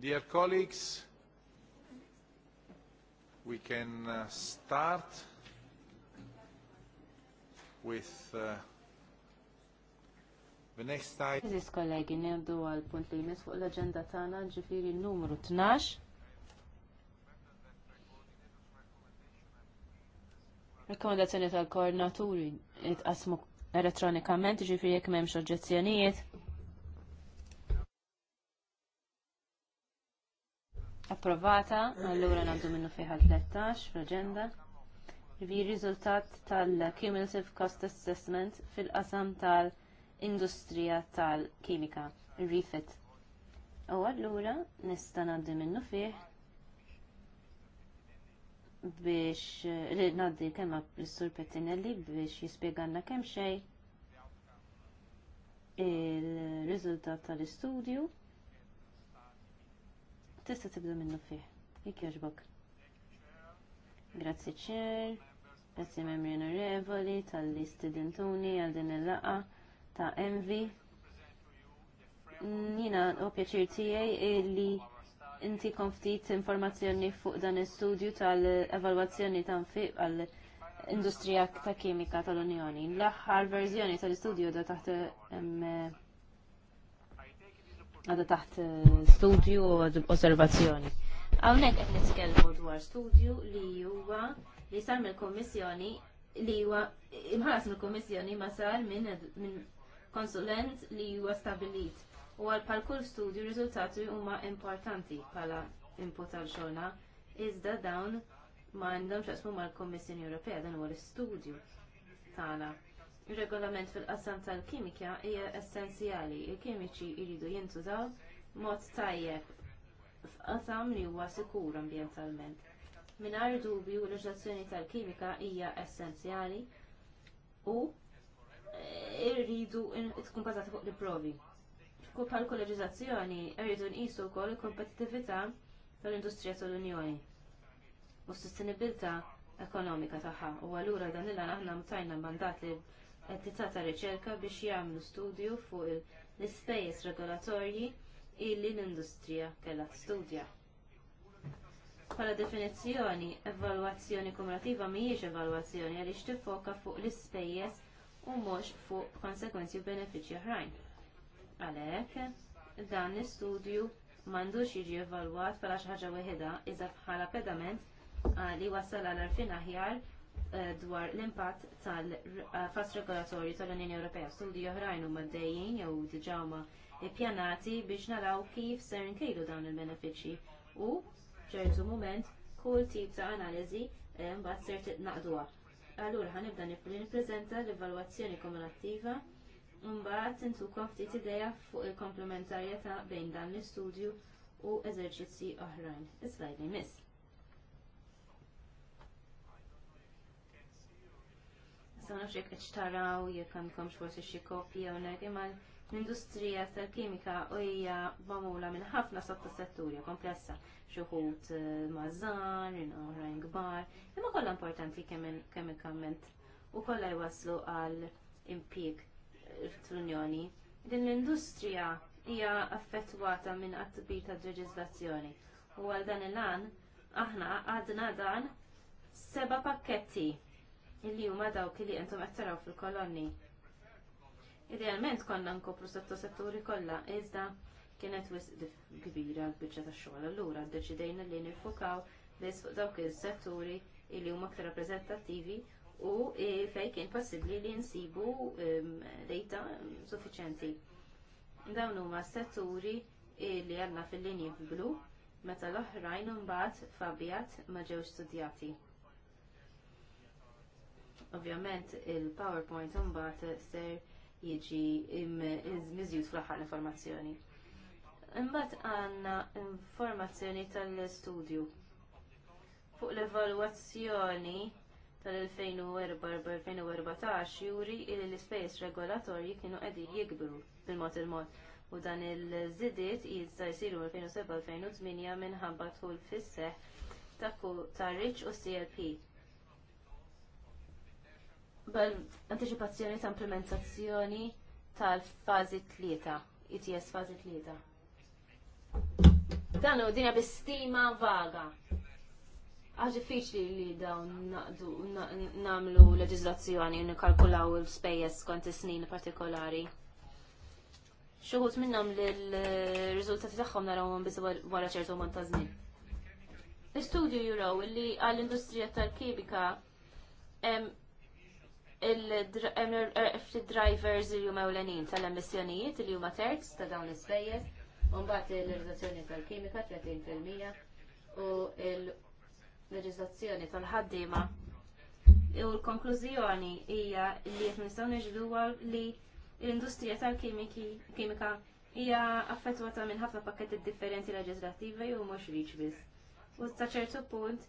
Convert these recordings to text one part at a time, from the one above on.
Dear colleagues, we can uh, start with uh, the next item. Aziz kollegi, nebdu għal punt li jmiss fuq agenda Tana, Jifiri numru 12. Rekomendazzjoni tal-koordinaturi itqasmu elettronikament ġifieri jekk m'hemmx oġġezzjonijiet. approvata, allura naddu minnu fiħa 13 fl-agenda. Vi riżultat tal-Cumulative Cost Assessment fil-qasam tal-Industrija tal-Kimika, ir-Rifit. U allura nista naddu minnu fih biex naddi kemma l-Sur Pettinelli biex jispieganna kemm xejn il-riżultat tal-istudju tista' tibda minnu fih. Jek jogħġbok. Grazzi ċer, grazzi Memri onorevoli tal-li studentuni għal din il-laqa ta' Envi. Nina u pjaċir tiegħi li inti konftit informazzjoni fuq dan is-studju tal-evalwazzjoni ta' nfiq għal industrija ta' kimika tal-Unjoni. L-aħħar verżjoni tal-istudju da taħt għadha taħt eh, studju u osservazzjoni. Hawnhekk qed nitkellmu dwar studju li huwa li sar mill-Kommissjoni li huwa imħaras mill-Kommissjoni ma sar minn konsulent li huwa stabilit. U għal pal kull studju riżultati huma importanti bħala input għal xogħolna iżda dawn ma għandhom xaqsmu mal-Kommissjoni Ewropea dan huwa l-istudju tagħna regolament fil-qassam tal-kimika hija essenzjali. Il-kimiċi jridu jintużaw mod tajjeb f'qasam li huwa sikur ambjentalment. Mingħajr dubju l-leġazzjoni tal-kimika hija essenzjali u eh, irridu tkun bażata fuq l-provi. Bħal kolleġizzazzjoni irridu nqisu wkoll il-kompetittività tal-industrija tal-Unjoni u s-sostenibilità ekonomika tagħha u allura dan il aħna mtajna mandat li entità ta' riċerka biex jagħmlu studju fuq l-ispejjeż regolatorji illi l-industrija kellha tistudja. Bħala definizzjoni, evalwazzjoni kumulativa mhijiex evalwazzjoni għaliex tiffoka fuq l-ispejjeż u mhux fuq konsekwenzi u benefiċċji oħrajn. Għalhekk, dan l-istudju m'għandux jiġi evalwat bħala xi ħaġa weħeda iżda bħala pedament li wasal għal arfin aħjar Eh, dwar l-impatt tal-fast eh, regolatorju tal-Unjoni Ewropea Studi oħrajn huma dejjin jew diġà huma ippjanati biex naraw kif ser inkejlu dawn il-benefiċċji u ċertu mument kull tip ta' analiżi eh, mbagħad ser titnaqduha. Allura ħanibda nippreżenta l-evalwazzjoni kumulattiva mbagħad intukom ftit idea fuq il-komplementarjetà bejn dan l-istudju u eżerċizzi oħrajn. is miss. Issa nafx jekk qed jek jekk għandkomx forsi xi kopja hawnhekk imma l-industrija tal-kimika hija bamula minn ħafna sottosetturi komplessa xi wħud eh, mażan, oħrajn kbar, imma kollha importanti kemikament u kollha jwaslu għal impieg eh, fl-Unjoni. Din l-industrija hija affettwata minn għat-tbir ta' leġiżlazzjoni u għal dan il lan aħna għadna dan seba pakketti illi huma dawk li intom qed taraw fil-kolonni. Idealment konna nkopru setturi kollha, iżda kienet wisq kbira l-biċċa tax-xogħol allura ddeċidejna li nifokaw biss fuq dawk is-setturi li huma aktar rappreżentattivi u e, fejn kien possibbli li nsibu ehm, dejta suffiċjenti. Dawn huma setturi li għandna fil-linji blu meta l-oħrajn mbagħad fabjat ma ġewx studjati. Ovvjament il-PowerPoint imbagħad ser jiġi miżjud fl-aħħar informazzjoni. Imbagħad għandna informazzjoni tal-studju fuq l-evalwazzjoni tal-2004-2014 juri li l-ispejs regolatorji kienu qegħdin jikbru bil-mod il-mod u dan il-żidiet jista' jsiru 2007-2008 minħabba tħul fis-seħħ ta' Rich u CLP anticipazzjoni ta' implementazzjoni tal-fazi tlieta, ITS e fazi tlieta. Dan u dinja bistima vaga. Għax diffiċli li dawn namlu leġizlazzjoni u kalkulaw il-spejjeż kont is-snin partikolari. Xuħut minnhom li l-riżultati tagħhom narawhom biss wara ċertu mont ta' żmien. istudju juraw li għall-industrija tal-kibika il-drivers il-jum ewlenin tal-emissjonijiet li huma terz ta' dawn l-ispejjeż, u mbagħad il-leġizzazzjoni tal-kimika 30% u il-leġizzazzjoni tal-ħaddiema. U l-konklużjoni hija li qed nistgħu niġduha li l-industrija tal-kimika hija affettwata minn ħafna pakketti differenti leġislattivi u mhux riċ biss. U ta' ċertu punt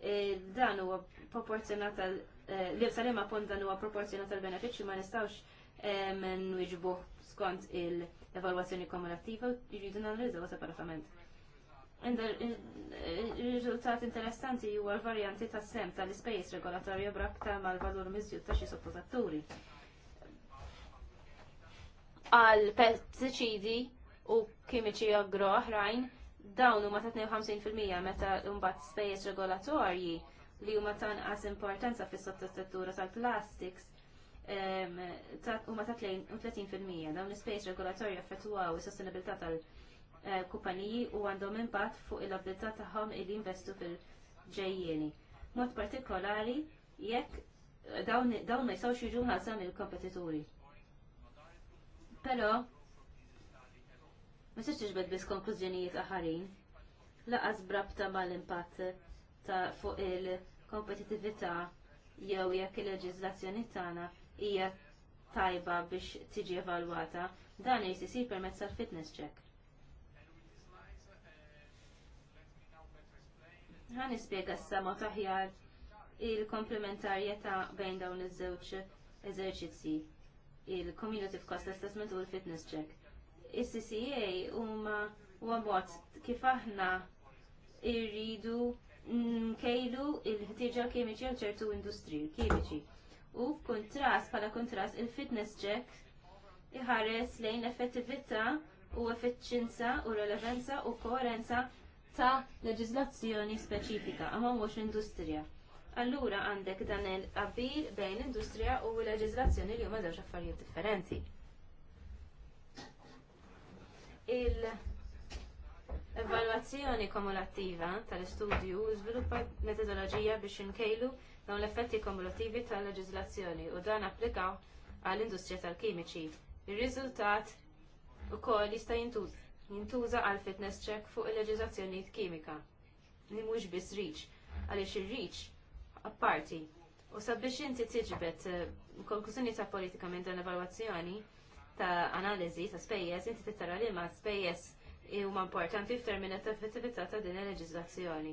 eh, dan huwa proporzjonat tal- li b'salima pont huwa proporzjonat tal-benefiċċju ma nistgħux eh, nwiġbu skont il-evalwazzjoni kumulattiva u jridu nanalizzaw separatament. Il-riżultat interessanti huwa l-varjanti tas-sem tal-ispejjeż regolatorja brabta mal-valur miżjud ta' xi sottotatturi għal pesticidi u kimiċi agro oħrajn dawn huma ta' 52% meta mbagħad spejjeż regolatorji li huma tanqas importanza fis sottostruttura tal-plastics huma ta' 30% dawn l-ispejs regolatorja affettwaw is-sostenibilità tal-kumpaniji eh, u għandhom impatt fuq il-abilità tagħhom li jinvestu fil-ġejjieni. Mod partikolari jekk eh, dawn ma jistgħux jiġu ħasam il-kompetituri. Però ma tiġbed biss konklużjonijiet aħarin laqas brabta mal-impatt ta' fuq il-kompetitività jew jekk il-leġiżlazzjoni tagħna hija tajba biex tiġi evalwata, dan irid isir permezz tal-fitness check. Ħa nispjega s-sama taħjar il-komplementarjetà bejn dawn iż-żewġ eżerċizzi, il-Communitive Cost Assessment u l-Fitness Check. Is-CCA huma huwa mod kif aħna irridu nkejlu il-ħtieġa kimiċi għal ċertu industri kimiċi. U kontrast bħala kontrast il-fitness check iħares lejn effettività u effiċenza u relevanza u koerenza ta' leġiżlazzjoni speċifika għamma mhux industrija. Allura għandek dan il-qabil bejn industrija u leġiżlazzjoni li huma żewġ affarijiet differenti. Il- Evalwazzjoni kumulattiva tal-istudju żviluppa metodoloġija biex inkejlu dawn l-effetti kumulattivi tal-leġiżlazzjoni u dan applikaw għall-industrija tal-kimiċi. Ir-riżultat ukoll jista' jintuża għal fitness check fuq il-leġiżlazzjoni kimika. Li mhux biss reach, għaliex ir-reach apparti. U sabiex inti tiġbed eh, konklużjoni ta' politika minn dan l-evalwazzjoni ta' analiżi ta' spejjeż, inti tittara li ma' spejjeż huma importanti f'termina ta' effettività ta' din il-leġiżlazzjoni.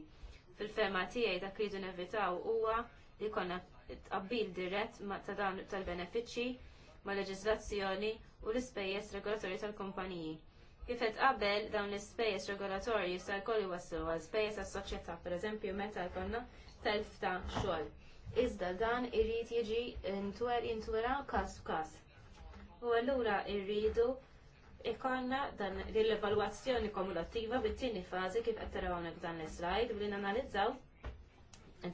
Fil-ferma tiegħi dak li jridu nevitaw huwa li jkollna qabbil dirett ta' dawn tal-benefiċċji ma' leġiżlazzjoni u l-ispejjeż regolatorji tal-kumpaniji. Kif qed qabel dawn l-ispejjeż regolatorji jista' jkollu waslu għal spejjeż tas soċjetà pereżempju meta jkollna telf ta' xogħol. Iżda dan irid jiġi intwer intwera każ f'każ. U allura rridu ikonna dan l-evalwazzjoni kumulattiva bit-tieni fażi kif qed taraw dan l-slide u li nanalizzaw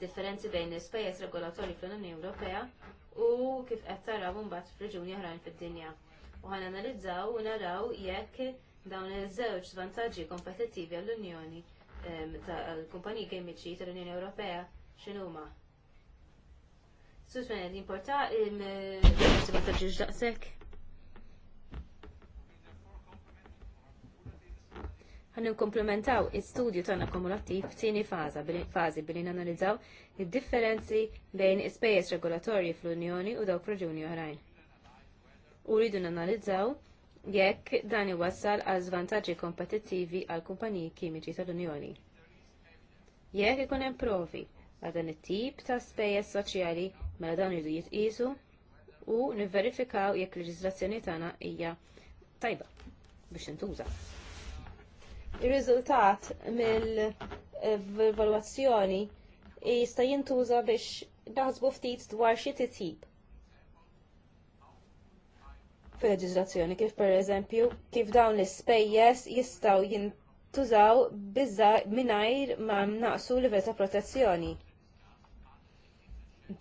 differenzi bejn l-ispejjeż regolatori fl-Unjoni Ewropea u kif qed bat fil f'reġuni oħrajn fid-dinja. U għan analizzaw u naraw jekk dawn iż-żewġ vantaġġi kompetittivi għall-Unjoni tal-kumpaniji kemiċi tal-Unjoni Ewropea x'inhuma. Sus minn importa il-vantaġġi ġdaqsek? għan nkomplementaw il-studju tagħna kumulattiv f'tieni fażi billi nanalizzaw id-differenzi bejn ispejjeż regolatorji fl-Unjoni u dawk raġuni oħrajn. U rridu nanalizzaw jekk dan iwassal għal żvantaġġi kompetittivi għal kumpaniji kimiċi tal-Unjoni. Jekk ikun hemm provi għal dan it-tip ta' spejjeż soċjali mela dawn irridu jitqisu u nivverifikaw jekk l-leġiżlazzjoni tagħna hija tajba biex intuża. Ir-riżultat mill-evalwazzjoni jista' jintuża biex naħsbu ftit dwar xi titjib fil-leġiżlazzjoni kif pereżempju kif dawn l-ispejjeż jistgħu jintużaw biża mingħajr ma naqsu livell ta' protezzjoni.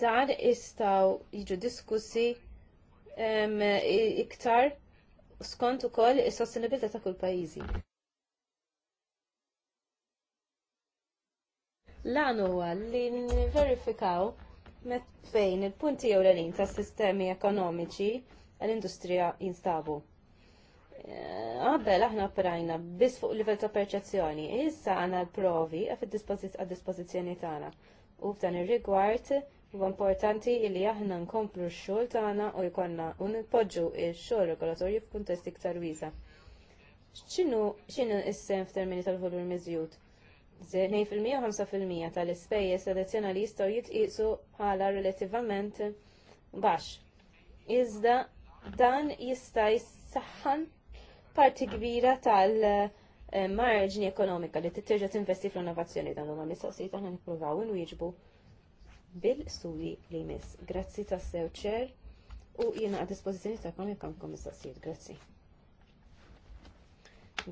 Dan jistgħu jiġu diskussi iktar skont ukoll is-sostenibilità ta' kull pajjiżi. L'an huwa li nverifikaw fejn il-punti ewlenin tas sistemi ekonomiċi għall-industrija jinstabu. Għabbel eh, aħna operajna biss fuq livell ta' perċezzjoni, issa għana l-provi għad-dispozizjoni tagħna. U f'dan ir-rigward huwa importanti li aħna nkomplu x-xogħol tagħna u jkollna u nipoġġu x-xogħol regolatorju f'kuntest iktar wiesa. X'inhu s-sehem sem f'termini tal-volur miżjud? 2% 5% tal-ispejjeż addizzjonali jistgħu jitqisu bħala relattivament baxx. Iżda dan jista' jissaħħan parti kbira tal-marġni ekonomika li titterġa tinvesti fl-innovazzjoni dan huma mistoqsijiet aħna nippruvaw inwieġbu bil-studji li jmiss. Grazzi tas sew ċer u jiena għad dispożizzjoni tagħkom jekk għandkom mistoqsijiet. Grazzi.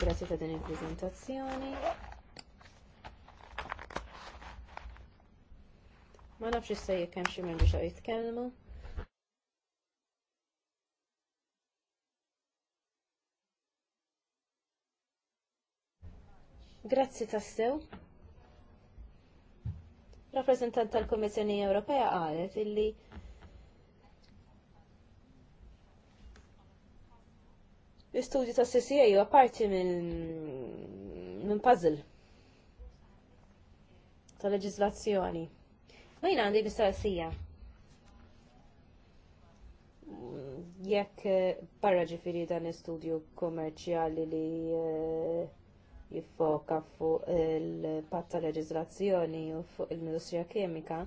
Grazzi ta' din il-preżentazzjoni. Ma nafx issa jekk hemm xi minn biex jitkellmu. Grazzi tassew. Rappresentant tal-Kommissjoni Ewropea qalet illi l-istudju ta' CCA huwa parti minn min puzzle ta' leġislazzjoni. Mejna għandi mistoqsija. Jekk eh, barra ġifiri dan istudju kommerċjali li eh, jiffoka fuq il-patta leġizlazzjoni u fuq il-Ministrija Kemika,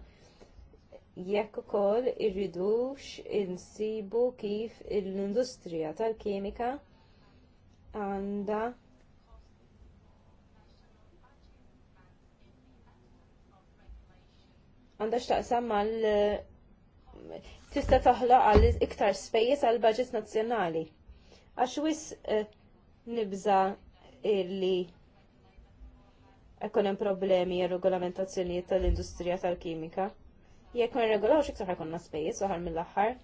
jekk ukoll irridux insibu kif l-industrija tal-kemika għandha għandax taqsam għal tista' taħloq għal iktar spejjeż għal budget nazzjonali. Għax wis eh, nibża illi ekkonem hemm problemi regolamentazzjonijiet tal-industrija tal-kimika. Jekk ma regolawx iktar ħajkonna spejjeż uħar mill-aħħar.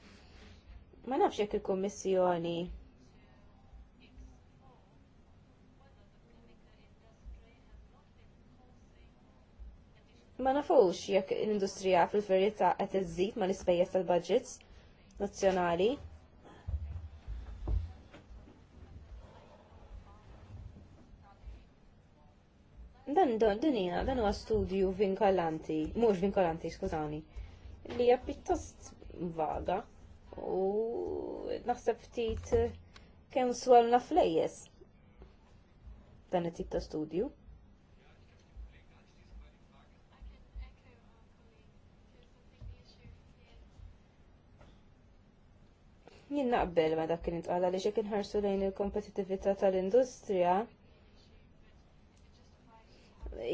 Ma nafx jekk il-Kummissjoni ma nafux jekk l-industrija fil-verità qed iżżid mal ispejjeż tal-budgets nazzjonali. Dan dinina, dan huwa studju vinkolanti, mhux vinkolanti, skużani, li hija pjuttost vaga u naħseb ftit kemm swalna flejjes dan it-tip ta' studju. Jien naqbel ma dak kien intqala li xekin inħarsu lejn il-kompetitività tal-industrija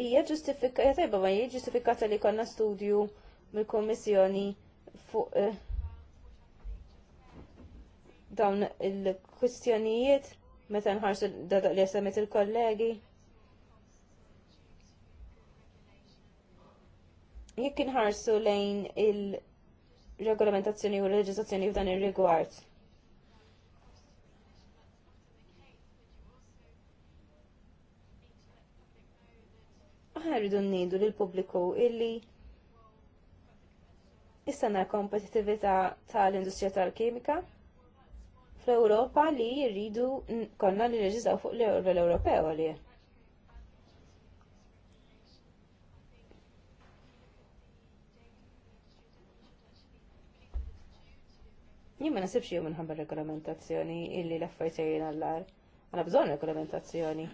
hija ġustifikata tajba ma hija ġustifikata li konna studju mill komissjoni fuq eh, dawn il-kwistjonijiet meta nħarsu dadaq li jasamet il-kollegi. Jekk inħarsu lejn il- regolamentazzjoni u leġislazzjoni f'dan ir-rigward. Aħna rridu ngħidu lil pubbliku illi istanna l-kompetitività tal-industrija tal-kimika fl-Ewropa li jridu konna li leġislaw fuq l-Ewropew għalih. Jien ma nasibx jew minħabba regolamentazzjoni illi l-affarijiet sejjin għall-ar. bżonn regolamentazzjoni.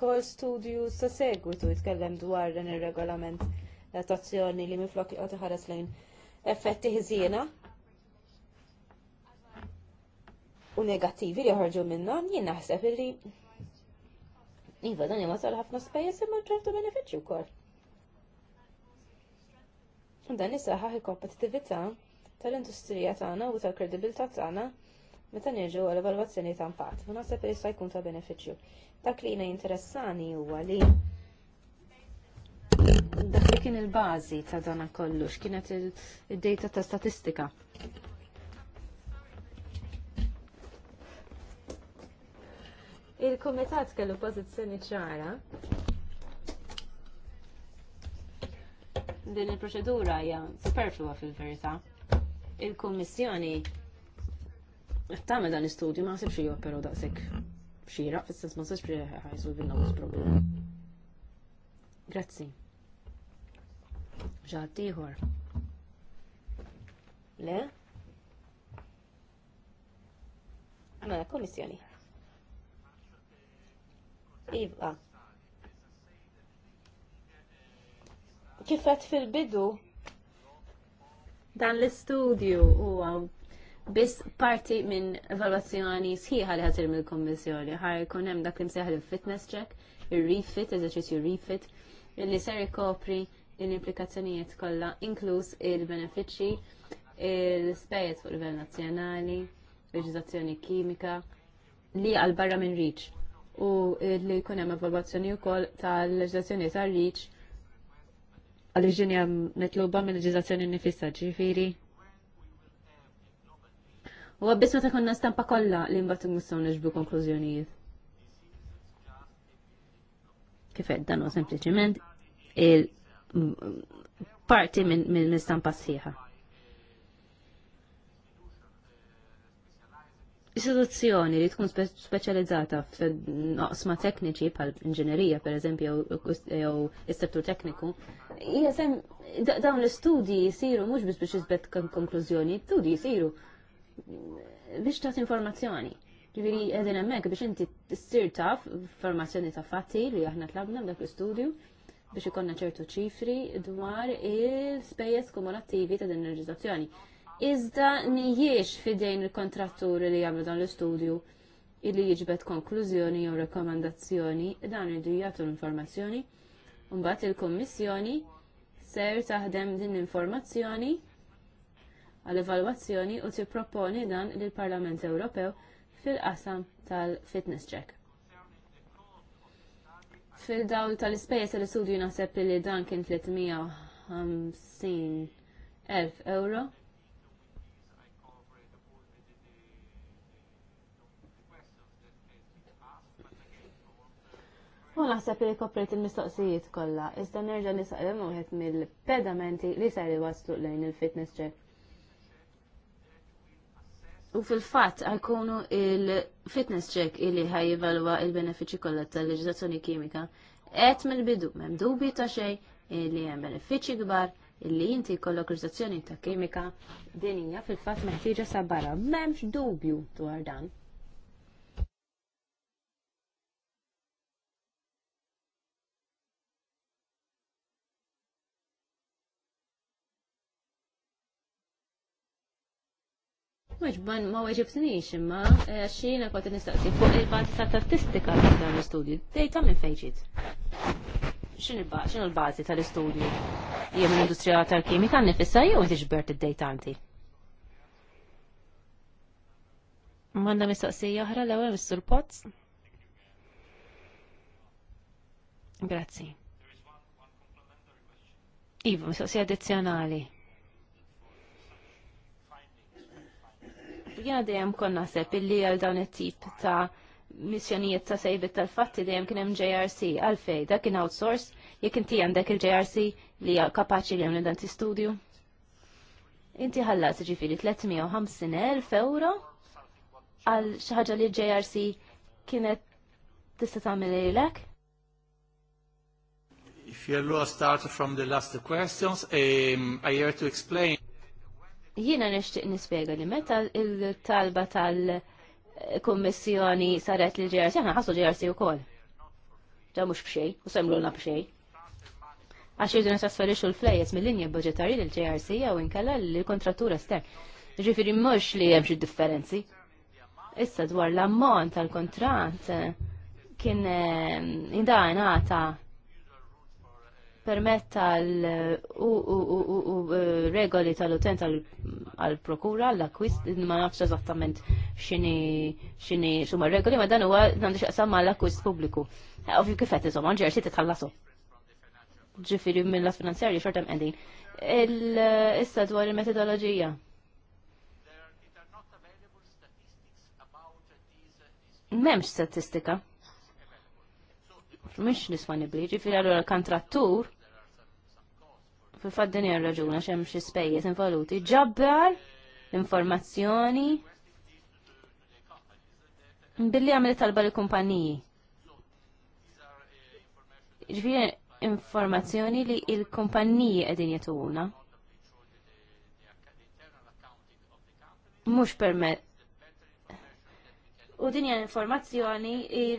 Kol studju sa segwitu jitkellem dwar dan ir-regolament tazzjoni li miflok li ħares lejn effetti ħiżiena u negattivi li joħorġu minnhom jien naħseb illi Iva dan jema ħafna spejjeż imma ċertu benefiċċju wkoll. U dan isaħħaħ il-kompetittività tal-industrija tagħna u tal-kredibilità tagħna meta nirġu għal evalwazzjoni ta' impatt u naħseb li jista' jkun ta' benefiċċju. Dak li jiena interessani huwa li dak li kien il-bażi ta' dan kollox kienet id-data ta' statistika. Il-Kumitat kellu pożizzjoni ċara din il-proċedura hija superflua fil-verità. Il-Kummissjoni tagħmel dan l-istudju ma ħsibx jew però daqshekk xira, fis-sens ma sax ħajsu bil-nawż problema. Grazzi. Ġad ieħor. Le? Għamela kommissjoni. Iva, kifet fil-bidu dan l-istudju huwa biss parti minn evalwazzjoni sħiħa li ħatir mill-kommissjoni. Ħar jkun hemm dak li mseħħel il-fitness check, ir-refit, eżerċizzju refit, li ser ikopri l-implikazzjonijiet kollha, inkluż il-benefiċċji, il-spejjeż fuq livell nazzjonali, leġiżazzjoni kimika, li għal barra minn riċ u li jkun hemm evalwazzjoni wkoll tal-leġiżlazzjoni tar-riċ għal-ġinja minn mill ġizazzjoni nifissa ġifiri. U għabbis meta konna stampa kolla li mbagħad nistgħu niġbu konklużjonijiet. Kif dan u sempliciment il parti minn stampa sħiħa. istituzzjoni li tkun speċjalizzata f'noqsma tekniċi bħal inġinerija per eżempju jew is-settur tekniku, hija sem dawn l-istudji jsiru mhux biex biex iżbed konklużjoni, studji jsiru biex tagħti informazzjoni. Ġifieri qegħdin hemmhekk biex inti ssir taf informazzjoni ta' fatti li aħna tlabna b'dak l-istudju biex ikonna ċertu ċifri dwar il-spejjeż kumulattivi ta' din iżda nijiex fidejn il-kontratturi li jagħmlu dan l-istudju illi jġbet konklużjoni jew rekomendazzjoni dan irdu jagħtu l-informazzjoni. Mbagħad il-Kummissjoni ser taħdem din l-informazzjoni għal evalwazzjoni u tipproponi dan lill-Parlament Ewropew fil-qasam tal-fitness check. Fil-dawl tal ispejja tal-istudju naħseb li dan kien 350.000 euro Ma naħseb li kopriet il-mistoqsijiet kollha, iżda nerġa' li wieħed mill-pedamenti li ser iwaslu lejn il-fitness check. U fil-fatt għajkunu il-fitness check illi jivalwa il-benefiċi kollha tal-leġiżlazzjoni kimika. Qed mill-bidu m'hemm dubi ta' xejn illi hemm benefiċi kbar illi inti jkollok riżazzjoni ta' kimika dinija fil-fatt meħtieġa sa M'hemmx dubju dwar dan. Maġban ma weġibtinix imma eh, xina kwa t nistaqsi fuq il-bazi ta' statistika ta' dan l-istudju. Dejta minn fejġit. Xin l bazi ta' l istudju Jem l-industrija ta' l kimika n nifissa jew inti ġbert id-dejta anti? Manna mistaqsija oħra l-ewwel Mr. Potts. Grazzi. Iva, mistaqsija addizzjonali. Jena dejjem kon naħseb illi għal dawn it-tip ta' missjonijiet ta' sejbit tal-fatti dejjem kien hemm JRC għalfej dak kien outsource jekk inti għandek il-JRC li kapaċi li hemm dan tistudju? Inti ħallas ġifieri 350,000 euro għal xi ħaġa li JRC kienet tista' tagħmel lilek? If you start from the last questions, um, I have to explain. Jiena nishtiq nispjega li meta il-talba tal-Kummissjoni saret li ġersi, aħna ħassu ġersi kol. Ġa mhux b'xej, u semlulna b'xej. Għax jridu nisasferixxu l flejes mill-linja budgetari l ġrc jew inkella l kontrattura estern. Ġifiri mhux li hemm xi differenzi. Issa dwar l-ammont tal kontrat eh, kien jindajna eh, ta' permett tal u e, regoli tal-utent għal-prokura l-akwist, ma nafx eżattament xini xini xumma regoli, ma dan huwa għandix għasamma l-akwist pubbliku. Ovvju kifet iżom, għanġer xi tħallasu. Ġifiri minn las finanzjarji xortem għendin. Issa dwar il-metodologija. Memx statistika. Mux fil-għallu għallura kontrattur fil għal raġuna xem xi spejjeż involuti. Ġabbar informazzjoni billi għamli talba li kumpaniji. Ġvijen informazzjoni li il-kumpaniji għedin jatuna. Mux permet U din hija informazzjoni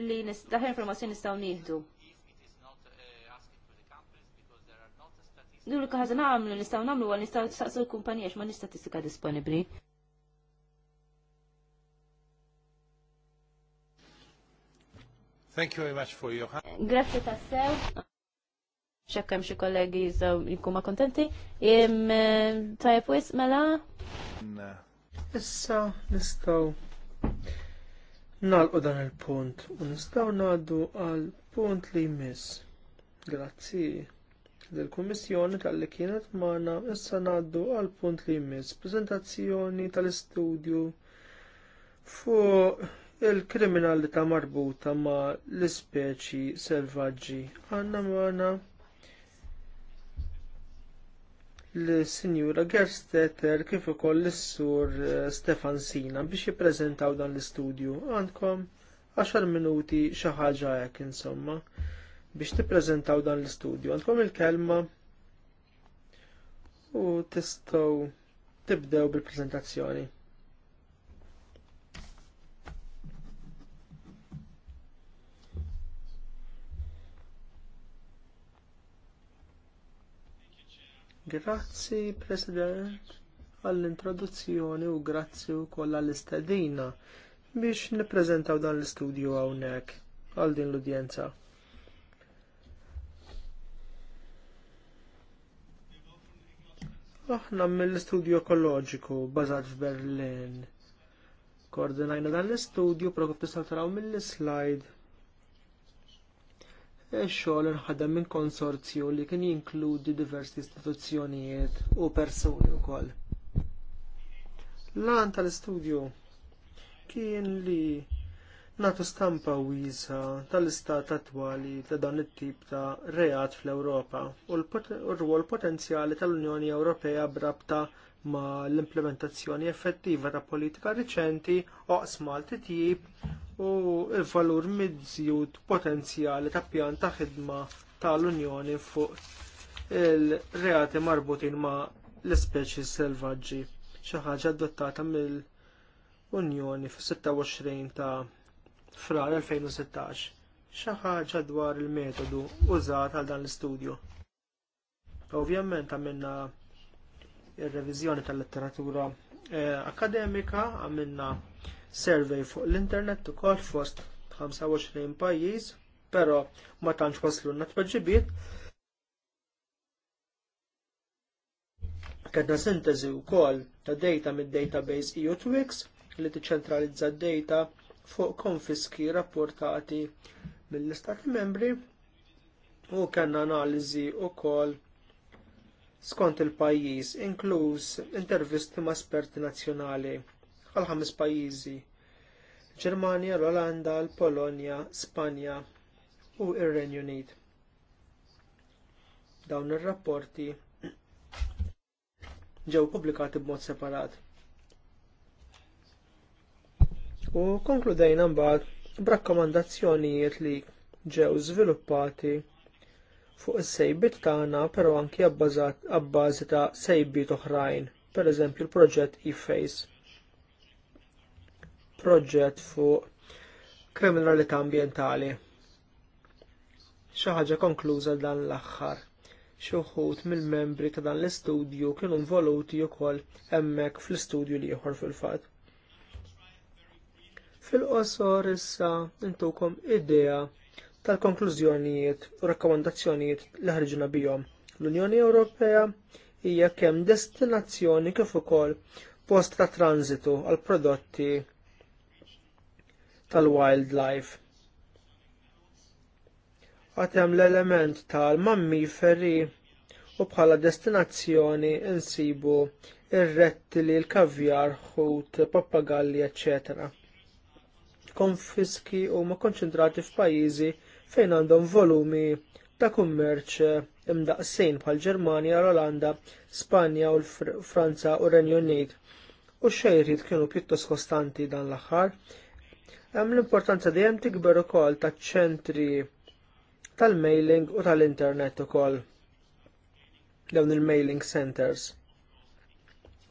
li daħ informazzjoni nistgħu nieħdu. l-unika ħaġa nistaw nistgħu għal nistaw nistgħu nistaqsu l-kumpanija x'ma statistika disponibli. Thank you very much for your Grazie tassew. Xekkem xie kollegi jistgħu jkunu kontenti. Jem eh, Tajjeb wis mela. Issa nistaw nalqo dan il-punt Nistaw nistgħu għal punt li jmiss. Grazie l kummissjoni tal-li kienet magħna issa ngħaddu għal punt li jmiss preżentazzjoni tal-istudju fuq il-kriminalità marbuta ma' l-ispeċi selvaġġi. Għandna magħna l-Sinjura Gerstetter kif ukoll l-Sur eh, Stefan Sina biex jippreżentaw dan l-istudju. Għandkom 10 minuti xi ħaġa hekk insomma biex tippreżentaw dan l-istudju. Għandkom il-kelma u tistgħu tibdew bil-preżentazzjoni. Grazzi President għall-introduzzjoni u grazzi wkoll għall-istedina biex nippreżentaw dan l-istudju hawnhekk għal din l-udjenza. Aħna mill-istudju ekoloġiku bażat f'Berlin. Koordinajna dan l-istudju prokof tistgħu taraw mill-slide. Ix-xogħol inħadem minn konsorzju li kien jinkludi diversi istituzzjonijiet u persuni wkoll. L-an tal-istudju kien li natu stampa wisa tal-istat attwali ta' dan it-tip ta' reat fl-Ewropa u l rwol potenzjali tal-Unjoni Ewropea brabta ma' l-implementazzjoni effettiva ta' politika riċenti oqsma titjib u l valur miżjud potenzjali ta' pjan ta' ħidma tal-Unjoni fuq il-reati marbutin ma' l-ispeċi selvaġġi xi ħaġa adottata mill-Unjoni fis-26 ta' frar 2016 xi ħaġa dwar il-metodu użat għal dan l-istudju. Ovvjament għamilna ir-reviżjoni tal-letteratura eh, akademika, għamilna survey fuq l-internet ukoll fost 25 pajjiż, però ma tantx waslunna tweġibiet. Kedna sintesi wkoll ta' data mid-database EU Twix li tiċċentralizza d-data fuq konfiski rapportati mill-Istati membri u kellna analiżi wkoll skont il-pajjiż, inkluż intervisti ma' esperti nazzjonali għal ħames pajjiżi: Ġermanja, l-Olanda, l-Polonja, Spanja u r renju Unit. Dawn ir-rapporti ġew pubblikati b'mod separat. u konkludejna mbagħad b'rakkomandazzjonijiet li ġew żviluppati fuq is-sejbit tagħna però anki abbażi ta' sejbiet oħrajn, pereżempju l-proġett e-face. Proġett fuq kriminalità ambjentali. Xi ħaġa konkluża dan l-aħħar. Xi wħud mill-membri ta' dan l-istudju kienu involuti wkoll hemmhekk fl-istudju li ieħor fil-fatt. Fil-qosor issa intukom idea tal-konklużjonijiet u rakkomandazzjonijiet li ħarġuna bihom. L-Unjoni Ewropea hija kemm destinazzjoni kif ukoll post ta' transitu għal prodotti tal-wildlife. Għatem l-element tal-mammiferi u bħala destinazzjoni insibu ir-rettili, l-kavjar, ħut, pappagalli, eccetera konfiski huma konċentrati f'pajjiżi fejn għandhom volumi ta' kummerċ imdaqsejn bħal Ġermanja, l-Olanda, Spanja u l-Franza u Renju Unit. U xejrit kienu pjuttost kostanti dan l-aħħar. Hemm l-importanza dejjem tikber ukoll taċ ċentri tal-mailing u tal-internet ukoll dawn il-mailing centers.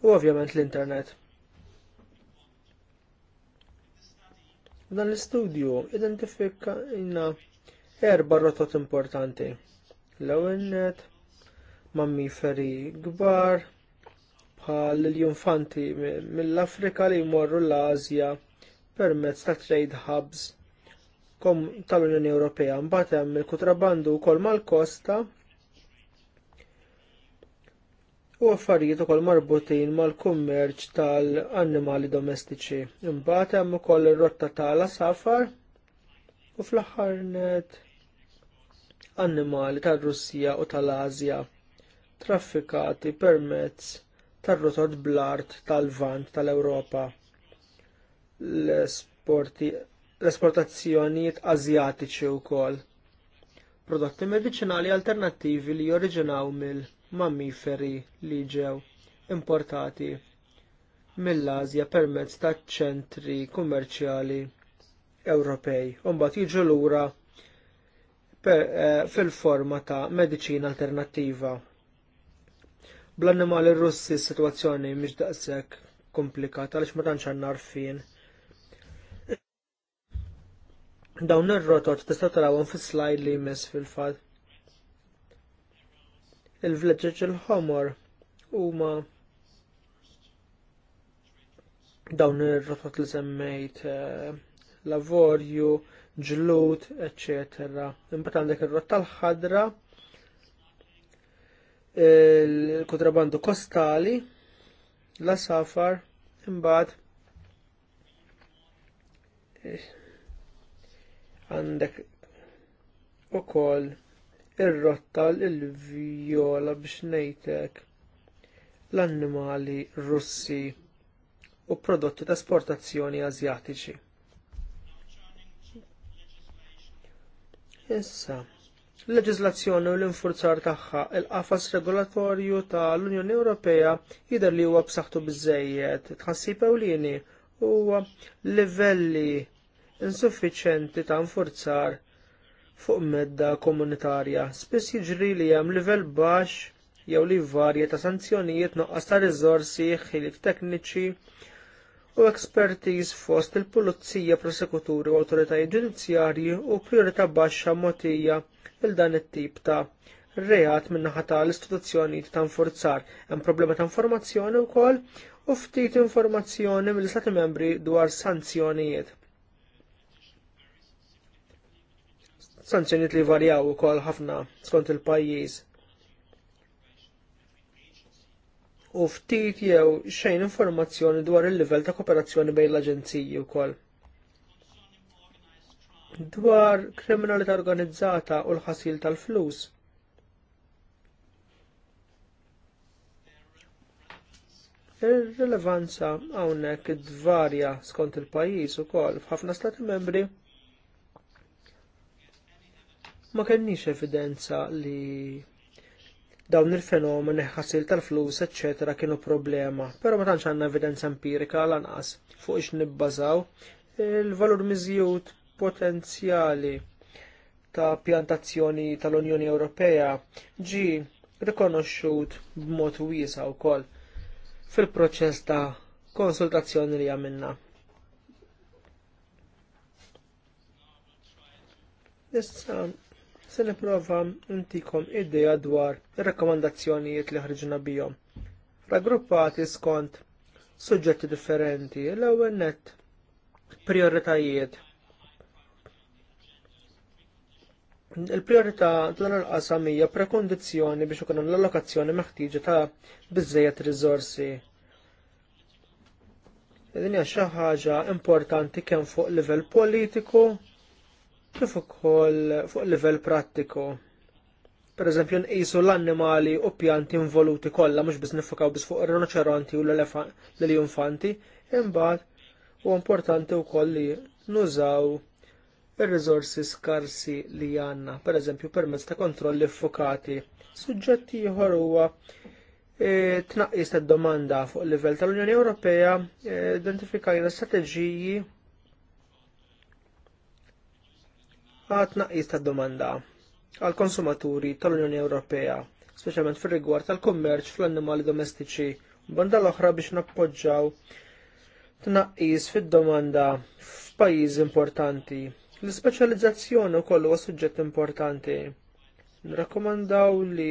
U ovvjament l-internet. Dan l-istudju identifika erba rotot importanti. l ewwel net, mammiferi kbar, bħal l-infanti mill-Afrika li jmorru l-Azja permezz ta' trade hubs tal-Unjoni Ewropea. Mbagħad hemm il-kutrabandu wkoll mal-kosta u affarijiet ukoll marbutin mal-kummerċ tal-annimali domestiċi. Imbagħad hemm ukoll ir-rotta tal-asafar u fl-aħħar net annimali tar-Russija u tal-Asja traffikati permezz tar-rotot blart tal-vant tal-Ewropa. L-esportazzjonijiet Asjatiċi wkoll prodotti mediċinali alternattivi li joriġinaw mill mammiferi li ġew importati mill-Azja permezz ta' ċentri kummerċjali Ewropej. u mbagħad jiġu lura eh, fil-forma ta' mediċina alternattiva. Bl-annimali russi s-situazzjoni mhix daqshekk komplikata għaliex ma tantx narfin. Dawn ir-rotot tista' tarawhom fis-slajd li jmiss fil-fatt il-vleġġeġ il-ħomor huma dawn ir-rotot li semmejt eh, lavorju, ġlut eccetera. Imbagħad għandek ir-rot tal-ħadra, il-kontrabandu kostali, l safar, imbagħad eh, għandek ukoll ir-rotta vjola biex ngħidlek l-annimali russi u prodotti ta' esportazzjoni azjatiċi. Issa, l-leġizlazzjoni u l-infurzar tagħha il-qafas regolatorju tal-Unjoni Ewropea jidher li huwa b'saħħtu biżejjed tħassib ewlieni huwa livelli insuffiċjenti ta' infurzar fuq medda komunitarja. Spiss jiġri li hemm livell baxx jew li varja ta' sanzjonijiet noqqas ta' riżorsi, ħiliet tekniċi u ekspertiż fost il-pulizija, prosekuturi u awtoritajiet ġudizzjarji u priorità baxxa mogħtija il dan it-tip ta' reat min-naħa tal istituzzjonijiet ta' nforzar. Hemm problema ta' informazzjoni wkoll u ftit informazzjoni mill-Stati membri dwar sanzjonijiet. sanzjoniet li varjaw ukoll ħafna skont il-pajjiż. U ftit jew xejn informazzjoni dwar il-livell ta' kooperazzjoni bejn l-aġenziji wkoll. Dwar kriminalità organizzata u l-ħasil tal-flus. Ir-rilevanza hawnhekk idvarja skont il-pajjiż ukoll f'ħafna stati membri ma kenniex evidenza li dawn il-fenomeni ħasil tal-flus, eċċetera, kienu problema, però ma tantx għandna evidenza empirika lanqas fuq ix nibbażaw il-valur miżjud potenzjali ta' pjantazzjoni tal-Unjoni Ewropea ġi rikonoxxut b'mod wiesa wkoll fil-proċess ta' konsultazzjoni li għamilna. Issa se nipprova ntikom idea dwar ir-rakkomandazzjonijiet li ħriġna bijom. Raggruppati skont suġġetti differenti l-ewwel nett prioritajiet. Il-priorità dan il-qasam hija prekondizzjoni biex ikun l-allokazzjoni meħtieġa ta' biżejjed riżorsi. Din hija xi ħaġa importanti kemm fuq livell politiku kif ukoll fuq livell prattiku. Pereżempju nqisu l-annimali u pjanti involuti kollha mhux biss nifokaw biss fuq ir-rinoċeronti u l-elefanti, imbagħad u importanti wkoll li nużaw ir-riżorsi skarsi li għandna, pereżempju permezz ta' kontrolli ffokati. Suġġetti ieħor huwa e, tnaqqis tad domanda fuq il livell tal-Unjoni Ewropea e, identifikajna strateġiji għat naqis ta' domanda għal konsumaturi tal-Unjoni Ewropea, speċjalment fir rigward tal-kummerċ fl-annimali domestiċi, banda l-oħra biex nappoġġaw tnaqqis fid-domanda f'pajjiżi importanti. L-ispeċjalizzazzjoni wkoll huwa suġġett importanti. Nrakkomandaw li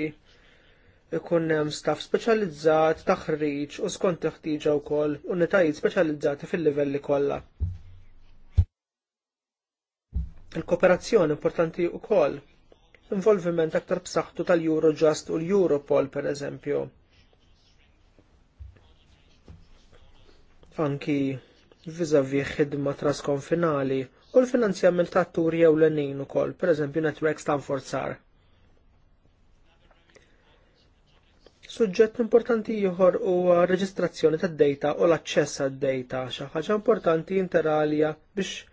ikun hemm staff speċjalizzat taħriġ u skont teħtieġa wkoll unitajiet speċjalizzati fil-livelli kollha. Il-kooperazzjoni importanti wkoll involviment aktar b'saħħtu tal-Eurojust u l-Europol pereżempju. Anki vizavi ħidma trasconfinali u l-finanzjament ta' turi jew l-enin ukoll, pereżempju networks ta' Sar. Suġġett importanti ieħor huwa reġistrazzjoni tad-data u l-aċċess għad-data xi ħaġa importanti interalja biex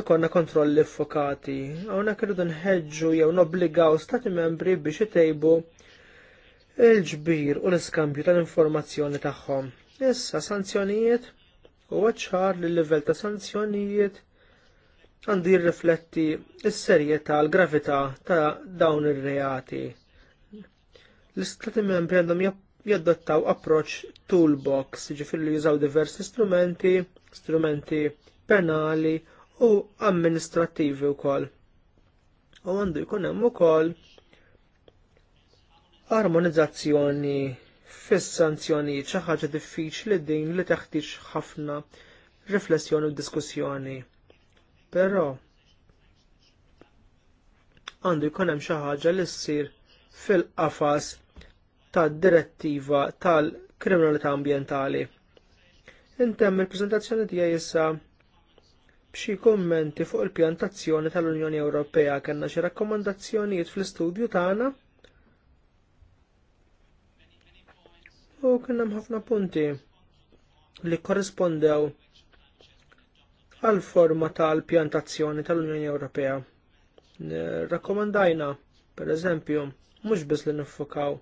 ikonna kontrolli fokati. Hawnhekk irridu nħeġġu jew nobbligaw stati membri biex itejbu il-ġbir u l-iskambju tal-informazzjoni tagħhom. Issa sanzjonijiet u ċar li l-livell ta' sanzjonijiet għandu jirrifletti s-serjetà l-gravità ta' dawn ir-reati. L-istati membri għandhom jaddottaw approċ toolbox, ġifir li jużaw diversi strumenti, strumenti penali u amministrattivi wkoll. U għandu jkun hemm ukoll armonizzazzjoni fis-sanzjonijiet xi ħaġa diffiċli din li teħtieġ ħafna riflessjoni u diskussjoni. Però għandu jkun hemm xi ħaġa li ssir fil-qafas tad direttiva tal-kriminalità ambjentali. Intemm il-preżentazzjoni tiegħi issa B'xi kummenti fuq il-pjantazzjoni tal-Unjoni Ewropea kellna xi rakkomandazzjonijiet fl-istudju tagħna. U kien hemm ħafna punti li korrispondew għal forma tal-pjantazzjoni tal-Unjoni Ewropea. Rakkomandajna, pereżempju, mhux biss li niffokaw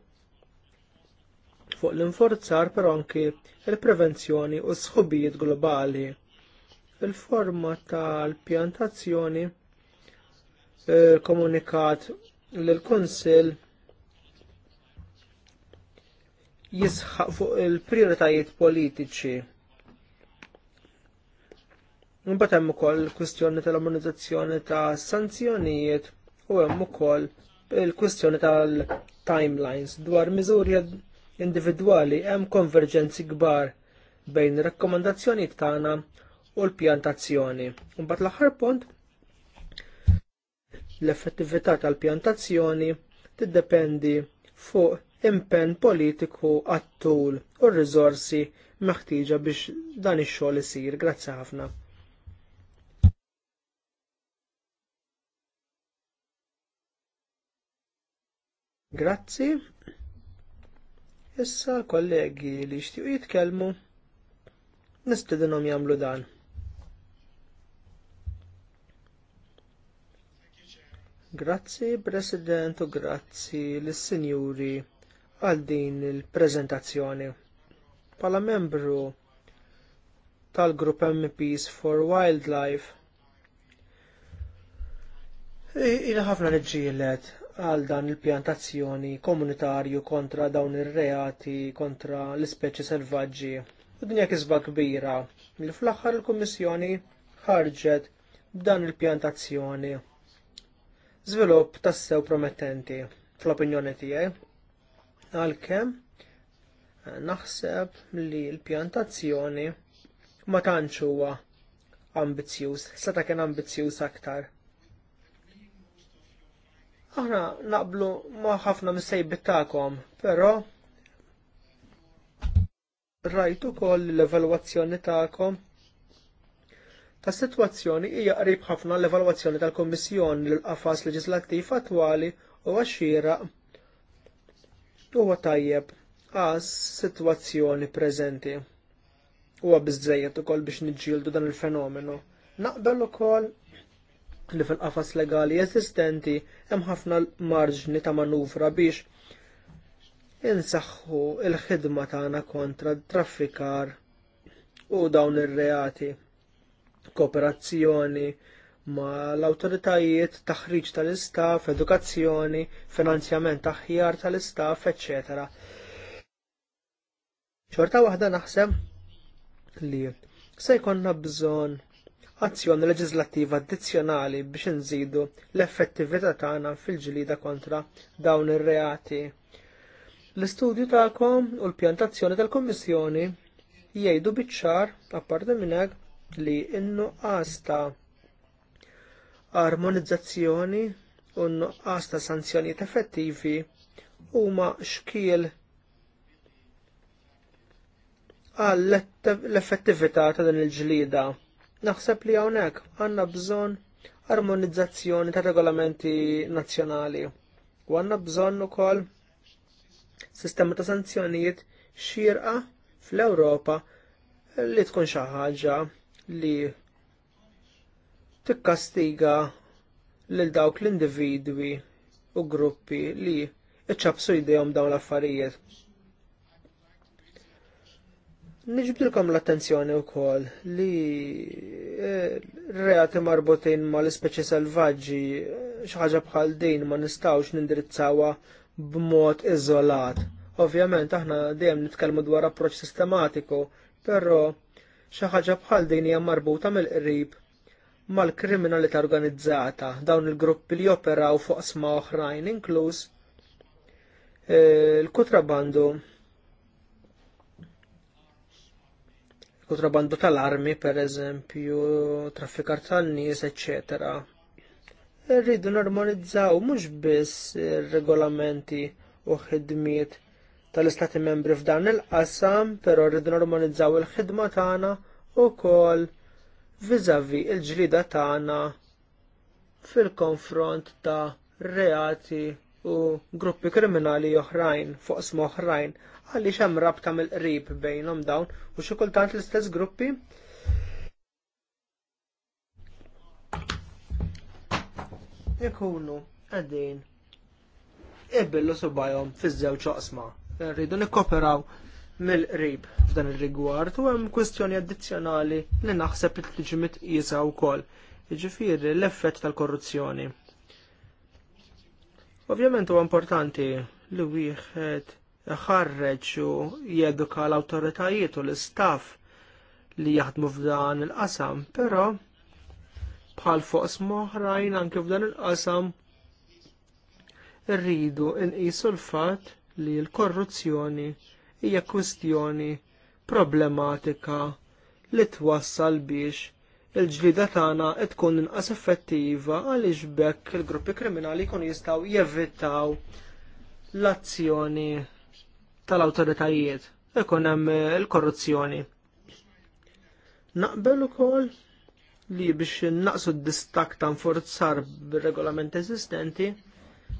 fuq l-inforzar però anki il-prevenzjoni u s-sħubijiet globali il-forma tal-pjantazzjoni eh, komunikat l-Konsil jisħaq fuq il-prioritajiet politiċi. Imbagħad hemm ukoll il-kwistjoni tal-armonizzazzjoni ta' sanzjonijiet u hemm ukoll il-kwistjoni tal-timelines dwar miżuri individwali hemm konverġenzi kbar bejn ir-rakkomandazzjonijiet tagħna u l-pjantazzjoni. Imbagħad l-aħħar punt l-effettività tal-pjantazzjoni tiddependi fuq impenn politiku għat-tul u r-riżorsi meħtieġa biex dan ix-xogħol isir. Grazzi ħafna. Grazzi. Issa kollegi li jixtiequ jitkellmu nistidinhom jagħmlu dan. Grazzi President u grazzi l-Sinjuri għal din il-prezentazzjoni. Pala membru tal-grupp MPs for Wildlife, Ina ħafna nġilet għal dan il-pjantazzjoni komunitarju kontra dawn ir-reati kontra l-ispeċi selvaġġi. U dinja kisba kbira, il fl-aħħar il-Kummissjoni ħarġet b'dan il-pjantazzjoni żvilupp tassew promettenti fl-opinjoni tiegħi. Għalkemm naħseb li l-pjantazzjoni ma tantx huwa ambizzjuż, seta kien ambizzjuż aktar. Aħna naqblu ma ħafna missejbit tagħkom, però rajtu koll l-evalwazzjoni tagħkom ta' sitwazzjoni hija qrib ħafna l-evalwazzjoni tal-Kummissjoni l qafas leġislattiv attwali u għaxxira huwa tajjeb għas sitwazzjoni preżenti. Huwa biżejjed ukoll biex niġġieldu dan il-fenomenu. Naqbel ukoll li fil-qafas legali eżistenti hemm ħafna marġni ta' manuvra biex insaħħu l ħidma tagħna kontra traffikar u dawn ir-reati kooperazzjoni ma l-autoritajiet taħriġ tal-istaff, edukazzjoni, finanzjament aħjar tal-istaff, etc. ċorta waħda naħseb li se jkollna bżonn azzjoni leġislattiva addizzjonali biex inżidu l-effettività tagħna fil-ġlida kontra dawn ir-reati. L-istudju tagħkom u l-pjantazzjoni tal-Kummissjoni jgħidu biċ-ċar apparti minn hekk li n-nuqqas ta' armonizzazzjoni u n-nuqqas ta' sanzjonijiet effettivi huma xkiel għal l-effettività ta' din il-ġlida. Naħseb li hawnhekk għandna bżonn armonizzazzjoni ta' regolamenti nazzjonali u għandna bżonn ukoll sistema ta' sanzjonijiet xirqa fl-Ewropa li tkun xi ħaġa li tikkastiga lil dawk l-individwi u gruppi li iċċabsu jdejhom dawn l-affarijiet. Niġbdilkom l-attenzjoni wkoll li e, reati marbutin mal ispeċi selvaġġi xi ħaġa bħal din ma nistawx nindirizzawha b'mod iżolat. Ovvjament aħna dejjem nitkellmu dwar approċċ sistematiku, però Xi ħaġa bħal din hija marbuta mill-qrib mal-kriminalità organizzata dawn il-gruppi li operaw fuq sma oħrajn inkluż eh, il-kutrabandu il-kutrabandu tal-armi, per eżempju, traffikar tal-nies, ecc. Rridu normalizzaw mhux biss regolamenti u ħidmiet tal-Istati membri f'dan il-qassam, però rridu normalizzaw il-ħidma tagħna wkoll viżavi il-ġlida tagħna fil-konfront ta' reati u gruppi kriminali oħrajn fuq sma oħrajn għaliex hemm rabta mill-qrib bejnhom dawn u xi kultant l-istess gruppi ikunu għadin ibillu subajhom fiż-żewġ oqsma Eh, rridu nikkoperaw mill-qrib f'dan ir-rigward u hemm kwistjoni addizzjonali li naħseb li tiġi mitqisa wkoll. Jiġifieri l-effett tal-korruzzjoni. Ovvjament huwa importanti li wieħed ħarreġ u jeduka l-awtoritajiet u l-istaff li jaħdmu f'dan il-qasam, però bħal fuq smoħrajn anke f'dan il-qasam irridu nqisu l-fatt li l-korruzzjoni hija kwistjoni problematika li twassal biex il-ġlida tagħna tkun inqas effettiva għaliex bekk il-gruppi kriminali jkunu jistgħu jevitaw l-azzjoni tal-awtoritajiet. Ikun hemm il-korruzzjoni. Naqbel ukoll li biex naqsu d-distak ta' nforzar bir regolamenti eżistenti,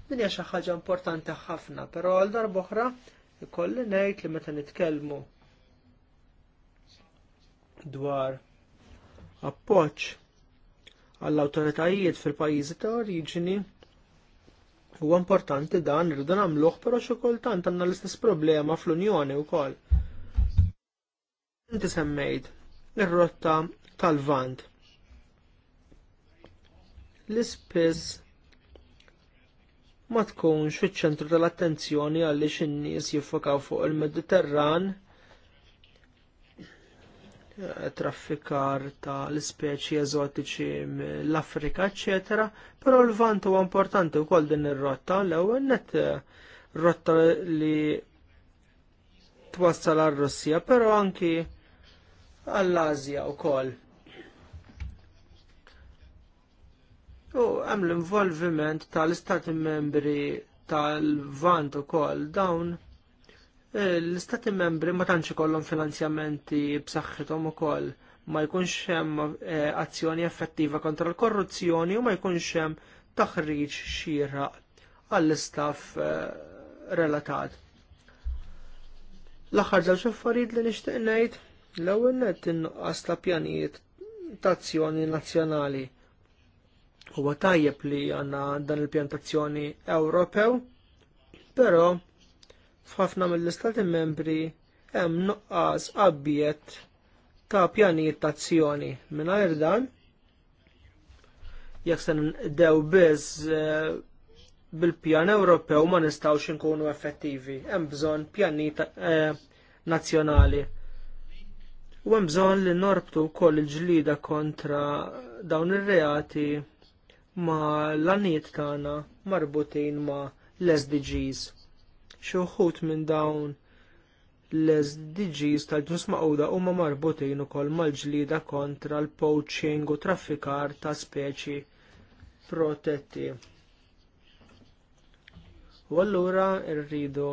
Din hija xi ħaġa importanti ħafna, però għal darba oħra ikolli ngħid li meta nitkellmu dwar appoġġ għall awtoritajiet fil-pajjiżi ta' oriġini huwa importanti dan irridu nagħmluh però xi kultant għandna l-istess problema fl-Unjoni wkoll. Inti semmejt ir-rotta tal-Vant. L-ispiss ma tkunx fiċ-ċentru tal-attenzjoni għaliex in-nies jiffokaw fuq il-Mediterran eh, traffikar tal ispeċi eżotiċi l-Afrika, eċetera, però l-vant huwa importanti wkoll din ir-rotta l-ewwel net eh, rotta li twassal għar-Russja, però anki għall-Asja wkoll. U hemm l-involviment tal-istati membri tal-vant ukoll dawn eh, l-istati membri ma tantx ikollhom finanzjamenti b'saħħithom ukoll ma jkunx hemm eh, azzjoni effettiva kontra l-korruzzjoni u ma jkunx hemm taħriġ xieraq għall-istaff eh, relatat. L-aħħar żewġ affarijiet li nixtieq ngħid l-ewwel nett innuqqas ta' pjanijiet ta' azzjoni nazzjonali Huwa tajjeb li għandna dan il-pjantazzjoni Ewropew, però f'ħafna mill-istati membri hemm nuqqas qabbiet ta' pjanijiet ta' azzjoni mingħajr dan jekk se ndew biss eh, bil-pjan Ewropew ma nistgħux inkunu effettivi. Hemm bżonn pjanijiet eh, nazzjonali. U hemm bżonn li norbtu wkoll il-ġlida kontra dawn ir-reati ma l-għaniet tagħna marbutin ma l-SDGs. Xi wħud minn dawn l-SDGs tal-ġnus u huma marbutin ukoll mal-ġlida kontra l-poaching u traffikar ta' speċi protetti. U allura rridu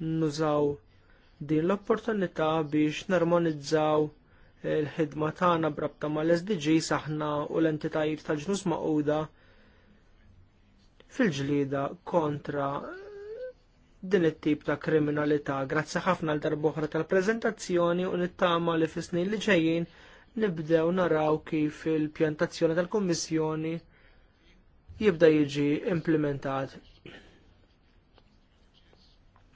nużaw din l-opportunità biex narmonizzaw il-ħidma tagħna brabta mal-SDG saħna u l-entitajiet tal-ġnus maquda fil-ġlida kontra din it-tip ta' kriminalità. Grazzi ħafna l darboħra tal-preżentazzjoni u nittama li fis-snin li ġejjin nibdew naraw kif il-pjantazzjoni tal-Kummissjoni jibda jiġi implementat.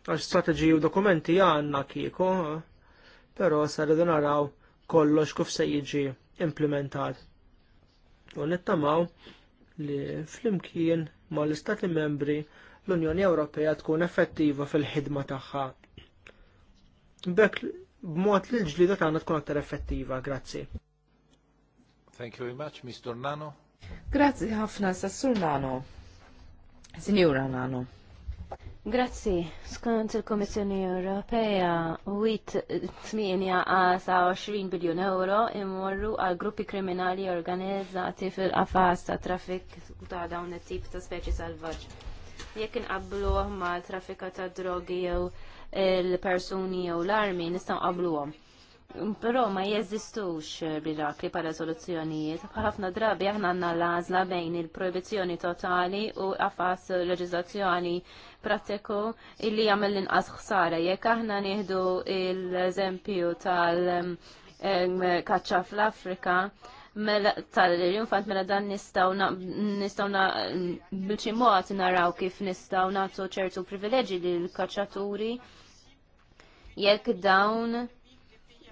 Għax strateġiji u dokumenti għanna kieku, eh? pero saridu naraw kollox kif se jiġi implementat. U nittamaw li flimkien ma l-Istati membri l-Unjoni Ewropea tkun effettiva fil-ħidma tagħha. Bekk b'mod li l-ġlida tagħna tkun aktar effettiva, grazzi. Thank you very much, Mr. Nano. Grazzi ħafna, Sassur Nano. Signora Nano. Grazzi, skont il-Komissjoni Ewropea, wit tminja għasa 20 biljon euro imorru għal gruppi kriminali organizzati fil-qafas ta' trafik ta' dawn it-tip ta' speċi salvaġġ. Jekk inqabluhom ma' traffika ta' drogi jew il-persuni jew l-armi nistgħu qabluhom Però ma jeżistux eh, mirakli para soluzzjonijiet. ħafna drabi aħna għandna l bejn il-proibizzjoni totali u għafas leġiżlazzjoni prattiku illi jagħmel l-inqas ħsara. Jekk aħna nieħdu l-eżempju tal-kaċċa fl-Afrika, mela tal-infant mela dan nistaw nistaw b'xi mod naraw kif nistaw nagħtu ċertu privileġġi lil kaċċaturi jekk dawn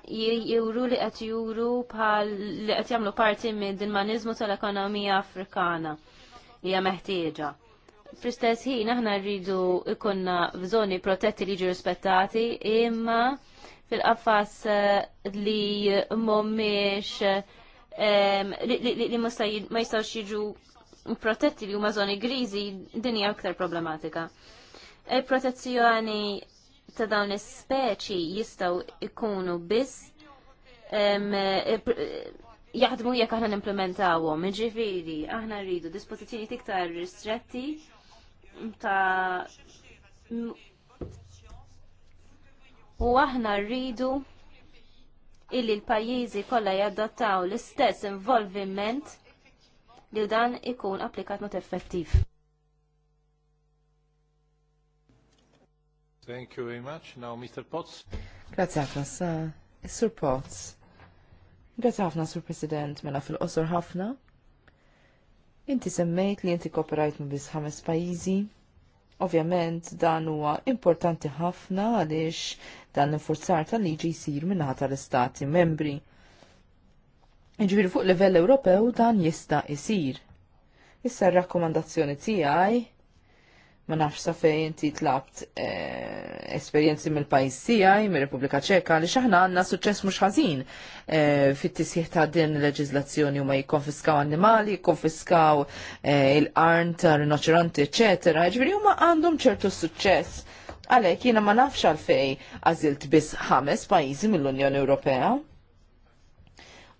jiru li qed juru bħal li qed jagħmlu parti minn dinmanizmu tal-ekonomija Afrikana li hija meħtieġa. Fl-istess ħin aħna rridu ikunna bżonni protetti li jiġu rispettati imma fil-qafas eh, li mhumiex li ma jistgħux jiġu protetti li huma żoni griżi din hija aktar problematika. Il-protezzjoni ta' dawn is-speċi jistgħu jkunu biss eh, eh, jaħdmu jekk aħna nimplementawhom. Ġifieri, aħna rridu dispożizzjoni iktar ristretti ta' u aħna rridu illi l-pajjiżi kollha jadattaw l-istess involviment li dan ikun applikat mod effettiv. Thank you very much. Now, Mr. Potts. Grazie ħafna, Sir Potts. Grazie ħafna, Sur President, mela fil-qosor ħafna. Inti semmejt li inti kooperajt ma' biss ħames pajjiżi. Ovvjament dan huwa importanti ħafna għaliex dan l-infurzar tal-liġi jsir minnaħa tal-istati membri. Iġbir jiġifieri fuq livell Ewropew dan jista' jsir. Issa r-rakkomandazzjoni tiegħi ma nafx sa fej inti tlabt eh, esperjenzi mill-pajis tijaj, mir-Repubblika Ċeka, li xaħna għandna suċċess mhux ħażin eh, fit-tisjieħ ta' din il-leġiżlazzjoni huma jikkonfiskaw annimali, jikkonfiskaw eh, il-qarn ta' rinoċeranti, eċetera. u huma għandhom ċertu suċċess. Għalhekk jiena ma nafx fej għażilt biss ħames pajjiżi mill-Unjoni Ewropea.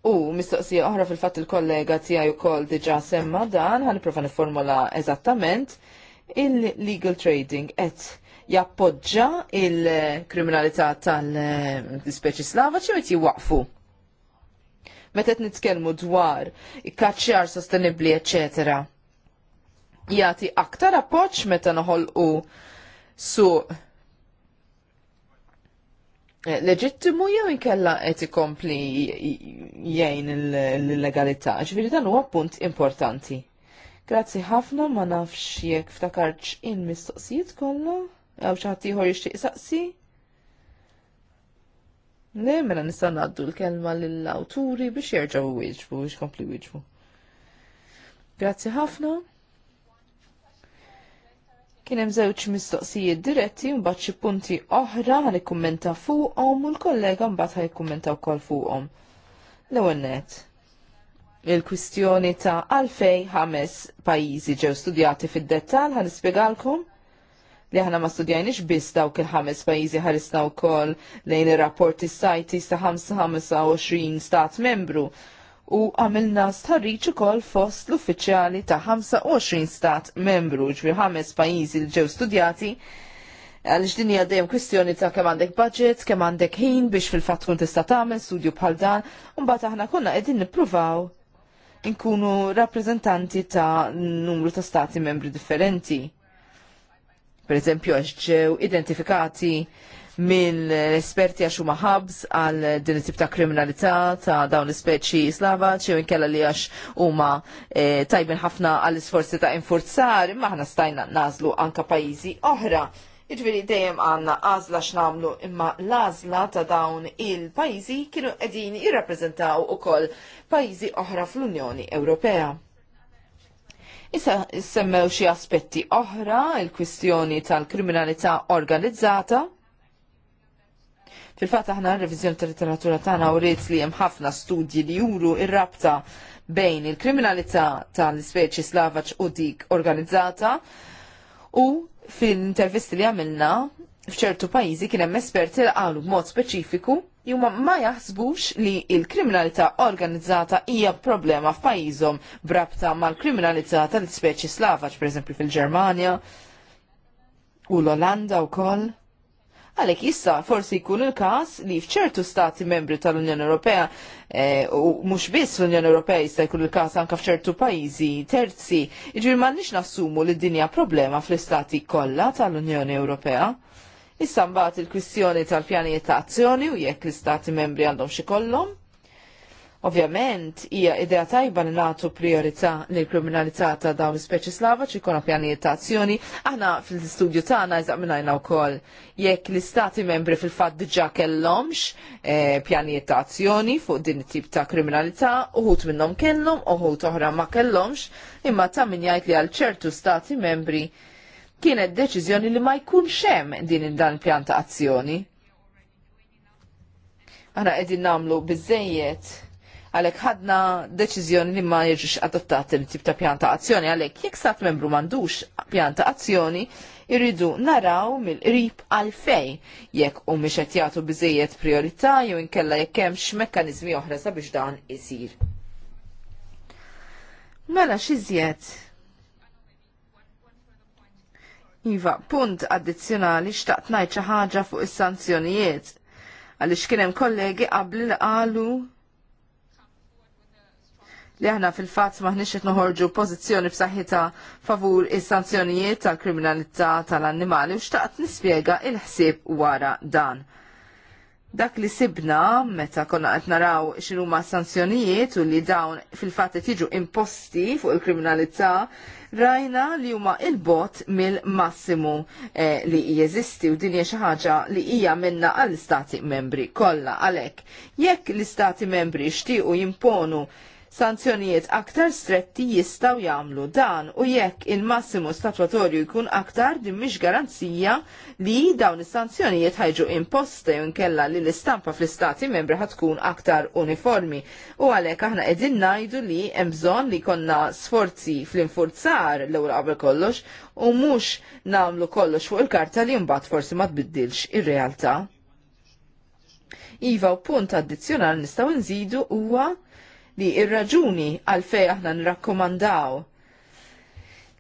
U mistoqsija oħra fil-fatt il-kollega tiegħi wkoll diġà semma dan, niprofa niformula eżattament. eżattament il-legal trading qed jappoġġa il-kriminalità tal-speċi slava ċi qed jiwaqfu. Meta qed nitkellmu dwar ikkaċċjar sostenibbli, eċetera. Jagħti aktar appoġġ meta noħolqu su leġittimu jew inkella qed ikompli jgħin l-legalità, ġifieri dan huwa punt importanti. Grazzi ħafna ma nafx jekk ftakarċ in mistoqsijiet kollha għaw ħadd ieħor jixtieq saqsi. Le, mela nista' ngħaddu l-kelma lill-awturi biex jerġgħu wieġbu biex kompli wieġbu. Grazzi ħafna. Kien hemm żewġ mistoqsijiet diretti mbagħad xi punti oħra ħan fuqhom u l-kollega mbagħad ħajkkummenta wkoll fuqhom. L-ewwel net il-kwistjoni ta' għalfej ħames pajjiżi ġew studjati fid-dettal ħan nispjegalkom li ħana ma studjajniex biss dawk il-ħames pajjiżi ħarisna wkoll lejn ir-rapporti sajti sa' 25 stat membru u għamilna starriċ ukoll fost l-uffiċjali ta' 25 stat membru ġvi ħames pajjiżi li ġew studjati għalix din hija dejjem kwistjoni ta' kemm għandek budget, kemm għandek ħin biex fil-fatt tista' tagħmel studju bħal dan, u mbagħad aħna konna qegħdin nippruvaw inkunu rappresentanti ta' numru ta' stati membri differenti. Per eżempju, għax ġew identifikati mill esperti għax huma ħabs għal din it-tip ta' kriminalità ta' dawn l-ispeċi slava, ċew inkella li għax huma e, tajbin ħafna għall isforzi ta' infurzar, imma aħna stajna nażlu anka pajjiżi oħra Iġveri dejjem għanna għazla x'namlu imma l-għazla ta' dawn il-pajzi kienu qegħdin jirrappreżentaw ukoll pajzi oħra fl-Unjoni Ewropea. Issa semmew xi aspetti oħra il-kwistjoni tal-kriminalità organizzata. Fil-fatt aħna r-reviżjoni tal-literatura tagħna uriet li hemm ħafna studji li juru r rabta bejn il-kriminalità tal-ispeċi slavaċ u dik organizzata u fil-intervisti li għamilna fċertu pajizi kien hemm esperti li qalu b'mod speċifiku juma ma jaħsbux li il-kriminalità organizzata hija problema f'pajjiżhom brabta mal-kriminalità tal-speċi slavaġ, pereżempju fil-Ġermanja u l-Olanda wkoll. Għalek issa forsi jkun il-kas li fċertu stati membri tal-Unjoni Ewropea e, u mux biss l-Unjoni Ewropea jista jkun il-kas anka fċertu pajizi terzi, iġbir ma nix nassumu li dinja problema fl-istati kollha tal-Unjoni Ewropea. Issa mbagħad il-kwistjoni tal-pjanijiet ta' azzjoni u jekk l-istati membri għandhom xi kollhom. Ovvjament, hija idea tajba li nagħtu priorità lill kriminalità ta' dawn l slava slavaċ ikona pjanijiet ta' azzjoni. Aħna fil-istudju tagħna eżaminajna wkoll jekk l-istati membri fil-fatt diġà kellhomx pjani eh, pjanijiet ta' azzjoni fuq din it-tip ta' kriminalità, uħut minnhom kellhom, uħut oħra ma kellhomx, imma ta' min jgħid li għal ċertu stati membri kienet deċiżjoni li ma jkunx hemm din dan pjan ta' azzjoni. Aħna qegħdin nagħmlu bizzejiet għalhekk ħadna deċiżjoni li ma jiġix adottat il-tip ta' pjanta azzjoni għalhekk jekk sat membru mandux pjanta azzjoni irridu naraw mill-qrib fej, jekk u miexet qed jagħtu biżejjed priorità jew inkella jekk hemmx mekkanizmi oħra sabiex dan isir. Mela xiżjed Iva, punt addizzjonali xtaqt ngħid xi ħaġa fuq is-sanzjonijiet għaliex kien hemm kollegi qabli li qalu li aħna fil-fatt maħniex qed noħorġu pożizzjoni b'saħħitha favur is-sanzjonijiet tal-kriminalità tal-annimali u xtaqt nispjega il-ħsieb wara dan. Dak li sibna meta konna qed naraw x'inhuma sanzjonijiet u li dawn fil-fatt qed jiġu imposti fuq il-kriminalità rajna li huma il-bot mill-massimu eh, li jeżisti u din hija xi ħaġa li hija minna għall-istati membri kollha għalhekk jekk l-istati membri xtiequ jimponu sanzjonijiet aktar stretti jistaw jagħmlu dan u jekk il-massimu statwatorju jkun aktar din mhix garanzija li dawn is-sanzjonijiet ħajġu imposti u nkella li l-istampa fl-istati membri ħatkun aktar uniformi. U għalhekk aħna qegħdin ngħidu li hemm bżonn li konna sforzi fl-infurzar l-ewwel qabel kollox u mhux nagħmlu kollox fuq il-karta li mbagħad forsi ma tbiddilx ir-realtà. Iva u punt addizzjonali nistgħu nżidu huwa li ir-raġuni fej aħna nrakkomandaw.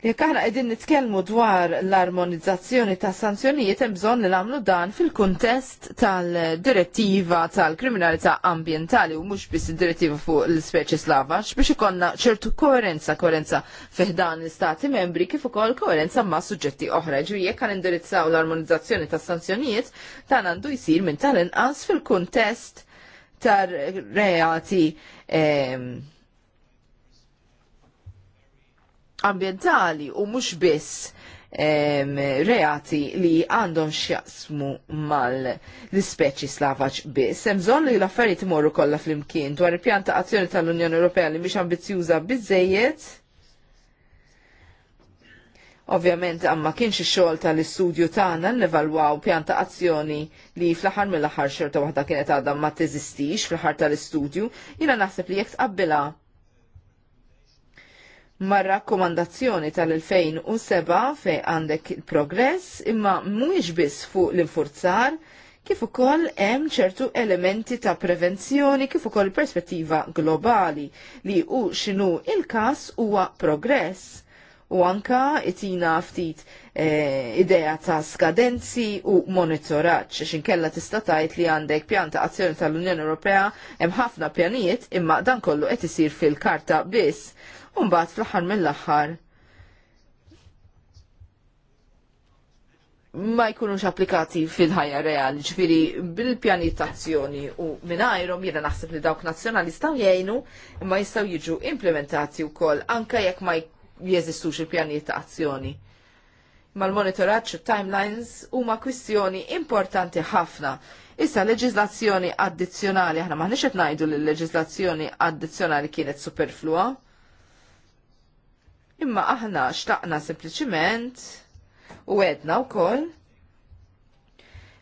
Jekk aħna qegħdin nitkellmu dwar l-armonizzazzjoni ta' sanzjonijiet hemm bżonn li nagħmlu dan fil-kuntest tal-direttiva tal-kriminalità ambjentali u mhux biss id-direttiva fuq l-speċi slavax biex ikonna ċertu koerenza koerenza fiħdan l-istati membri kif ukoll koerenza ma' suġġetti oħra. Ġifieri jekk għan indirizzaw l-armonizzazzjoni tas sanzjonijiet dan għandu jsir minn tal-inqas fil-kuntest tar reati eh, ambientali u mhux biss eh, reati li għandhom xjaqsmu mal-ispeċi slavaċ biss. Semżon li l-affarijiet imorru kollha flimkien dwar il-pjan ta' azzjoni tal-Unjoni Ewropea li mhix ambizzjuża biżejjed Ovvjament għamma kienx xogħol tal-istudju tagħna nevalwaw pjanta azzjoni li fl-aħħar mill-aħħar xorta waħda kienet għadha ma teżistix fl-aħħar tal-istudju, jiena naħseb li jekk tqabbilha ma' rakkomandazzjoni tal-2007 fej għandek il-progress imma mhuwiex biss fuq l-infurzar kif ukoll hemm ċertu elementi ta' prevenzjoni kif ukoll perspettiva globali li hu x'inhu il-każ huwa progress u anka itina ftit eh, idea ta' skadenzi u monitoraċ, xinkella tista' tajt li għandek pjanta azzjoni tal-Unjoni Ewropea hemm ħafna pjanijiet imma dan kollu qed isir fil-karta biss. Umbagħad fl-aħħar mill-aħħar ma jkunux applikati fil-ħajja reali, ġifiri bil ta' azzjoni u minnajrom jena naħseb li dawk nazzjonali staw jgħinu ma jistaw jiġu implementati u kol, anka jekk ma jkun jeżistux il-pjanijiet ta' azzjoni. Mal-monitoraġġ timelines huma kwistjoni importanti ħafna. Issa leġiżlazzjoni addizzjonali, aħna maħniex qed ngħidu li l-leġiżlazzjoni addizzjonali kienet superflua. Imma aħna xtaqna sempliċiment u għedna wkoll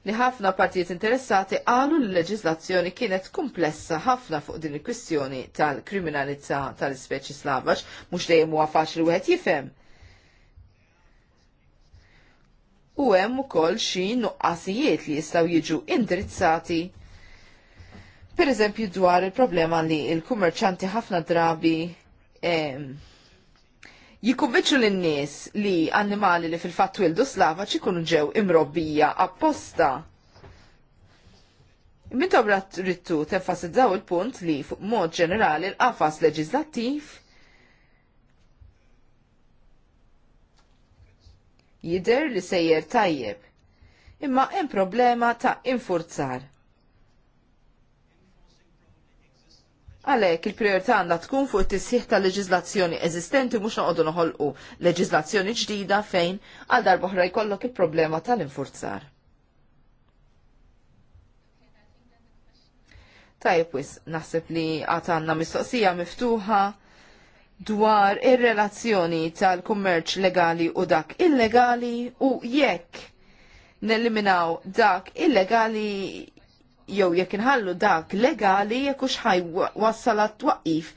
li ħafna partijiet interessati għalu li l-leġizlazzjoni kienet komplessa ħafna fuq din il-kwistjoni tal-kriminalizza tal-ispeċi slavax, mux dejjem huwa faċli wieħed jifhem. U hemm ukoll xi nuqqasijiet li jistgħu jiġu indirizzati Per eżempju dwar il-problema li il-kummerċanti ħafna drabi eh, jikonvinċu l-nies li annimali li fil-fatt wildu slavaċ ikunu ġew imrobbija apposta. Min tobra rittu tenfasizzaw il-punt li fuq mod ġenerali l-qafas leġislattiv jider li sejjer tajjeb. Imma hemm problema ta' infurzar Għalek, il-priorità għandha tkun fuq it-tisħiħ ta' leġiżlazzjoni eżistenti mhux noqogħdu noħolqu leġiżlazzjoni ġdida fejn għal oħra jkollok il-problema tal-infurzar. Tajb wis, naħseb li għatanna mistoqsija miftuħa dwar ir-relazzjoni tal-kummerċ legali u dak illegali u jekk neliminaw dak illegali jew jekk inħallu dak legali jekk hux ħaj wassal għat-twaqqif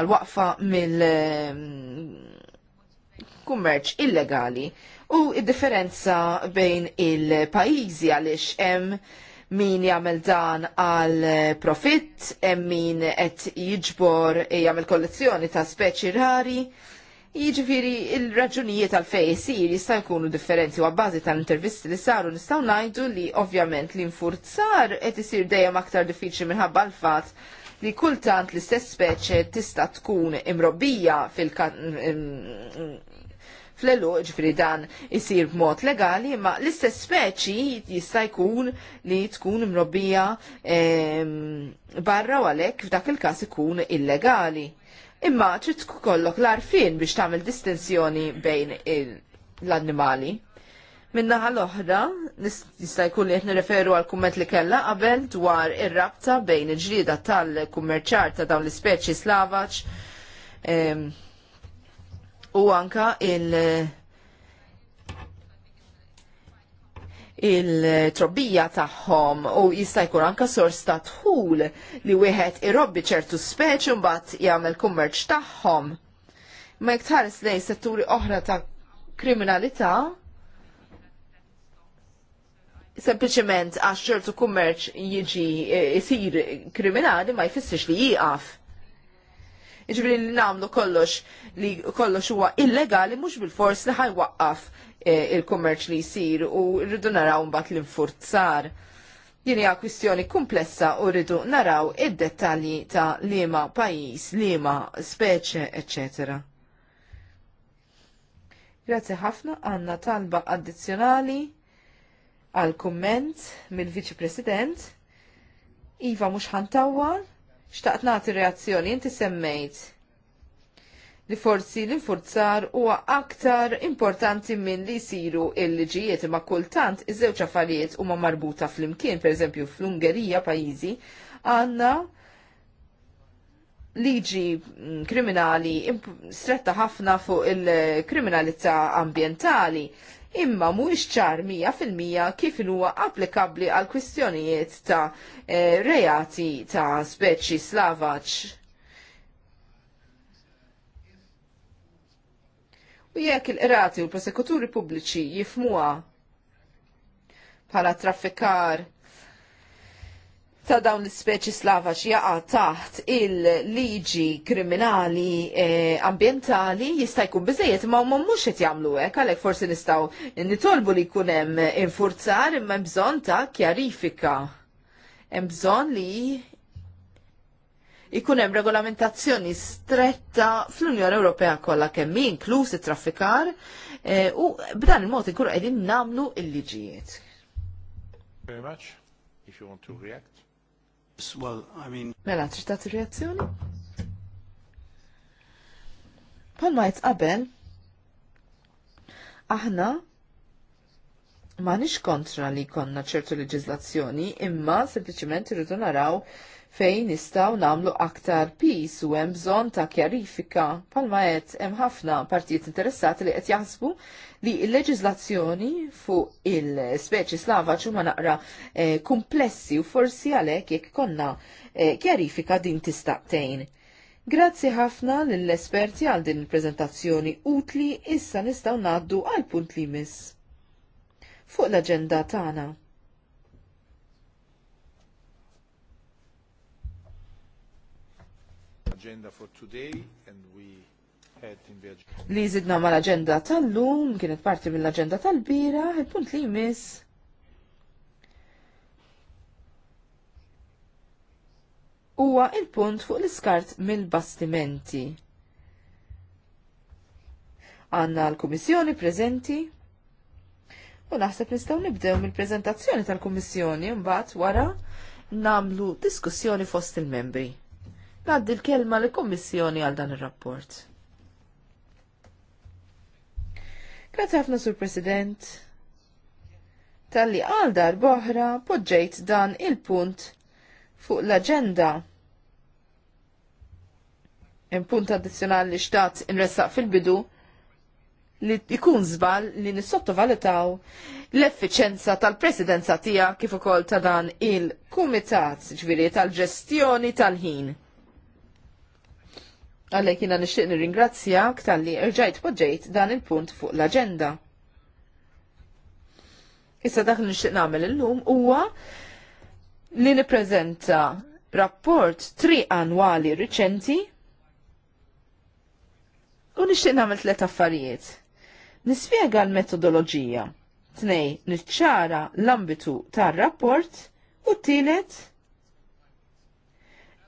għal waqfa mill ehm, kummerċ illegali u id-differenza bejn il pajizi għaliex hemm min jagħmel dan għal profitt, hemm min qed jiġbor jagħmel kollezzjoni ta' speċi rari Jiġifieri il-raġunijiet għal fej jisir jista' jkunu differenti u għabbażi tal-intervisti li saru nistgħu ngħidu li ovvjament li nfurzar qed isir dejjem aktar diffiċli minħabba l-fatt li kultant l-istess speċe tista' tkun imrobbija fil-elu ġifri dan isir b'mod legali, ma l-istess speċi jista' jkun li tkun imrobbija barra u għalhekk f'dak il-każ ikun illegali imma trid kollok l-arfin biex tagħmel distinzjoni bejn l-annimali. Minnaħa l-oħra, nista' jkun li qed nirreferu għal kumment li kellha qabel dwar ir-rabta bejn il-ġlieda tal-kummerċar ta' dawn l-ispeċi slavaċ ehm, u anka il- il-trobbija tagħhom u jista' jkun anke sors ta' tħul li wieħed irobbi ċertu speċi mbagħad jagħmel kummerċ tagħhom. Ma jekk tħares lejn setturi oħra ta' kriminalità, sempliċement għax ċertu kummerċ jiġi jisir e, kriminali ma jfissirx li jieqaf. Iġbri li namlu kollox li kollox huwa illegali mhux bil-fors li ħajwaqqaf Eh, il-kummerċ li jisir u rridu naraw mbagħad l infurzzar Jien hija kwistjoni komplessa u rridu naraw id-dettalji ta' liema pajjiż, liema speċe, eċċetera. Grazzi ħafna għanna talba addizzjonali għal kumment mill-Viċi President. Iva mhux ħantawwal, xtaqt nagħti reazzjoni inti semmejt li forsi l-infurzar huwa aktar importanti minn li jsiru il-liġijiet imma kultant iż-żewġ affarijiet huma marbuta fl-imkien, pereżempju fl-Ungerija pajjiżi, għandna liġi mm, kriminali stretta ħafna fuq il-kriminalità ambientali imma mhuwiex ċar mija fil-mija kif huwa applikabbli għal kwistjonijiet ta' eh, reati ta' speċi slavaċ U jekk il-qrati u l-prosekuturi pubbliċi jifmuha bħala traffikar ta' dawn l-speċi slavax jaqa' taħt il-liġi kriminali e, ambientali jista' jkun biżejjed ma' huma mhux qed jagħmlu hekk għalhekk forsi nistgħu nitolbu li jkun hemm infurzar imma bżonn ta' kjarifika. Hemm bżonn li ikun hemm regolamentazzjoni stretta fl-Unjoni Ewropea kollha kemm inkluż it-traffikar e, u b'dan il-mod ikunu qegħdin nagħmlu l-liġijiet. Very much, if you want to react. Well, I mean... Mela, trid reazzjoni? Palma qabel, aħna ma nix kontra li konna ċertu leġizlazzjoni, imma sempliciment irridu naraw fejn nistgħu nagħmlu aktar pis u hemm bżonn ta' kjarifika palma qed hemm ħafna partijiet interessati li qed jaħsbu li l-leġiżlazzjoni fuq il-speċi slavaċ huma naqra eh, kumplessi komplessi u forsi għalhekk jekk konna eh, kjarifika din tistaqtejn. Grazzi ħafna lill-esperti għal din il-prezentazzjoni utli issa nistgħu ngħaddu għal punt li miss. Fuq l-aġenda tagħna. agenda for today and we had in the agenda. Li zidna ma l-agenda tal-lum, kienet parti mill-agenda tal-bira, il-punt li jmiss. Huwa il-punt fuq l-iskart mill-bastimenti. Għanna l-Komissjoni prezenti u naħseb nistgħu nibdew mill-preżentazzjoni tal-Kummissjoni mbagħad wara namlu diskussjoni fost il-membri. Naddi l-kelma li kommissjoni għal dan il-rapport. Grazie ħafna, Sur President. Talli għal dar boħra poġġejt dan il-punt fuq l-agenda. Punt addizzjonali li xtat inressaq fil-bidu li ikun żball li nissottovalutaw l-effiċenza tal-presidenza tija kif ukoll ta' dan il-kumitat ġviri tal-ġestjoni tal-ħin. Għalhekk jiena nixtieq nirringrazzjak li irġajt poġġejt dan il-punt fuq l-aġenda. Issa dak li nixtieq nagħmel illum huwa li nippreżenta rapport tri annwali riċenti u nixtieq nagħmel tliet affarijiet. Nispjega l-metodoloġija. Tnej, niċċara l-ambitu tar-rapport u t-tielet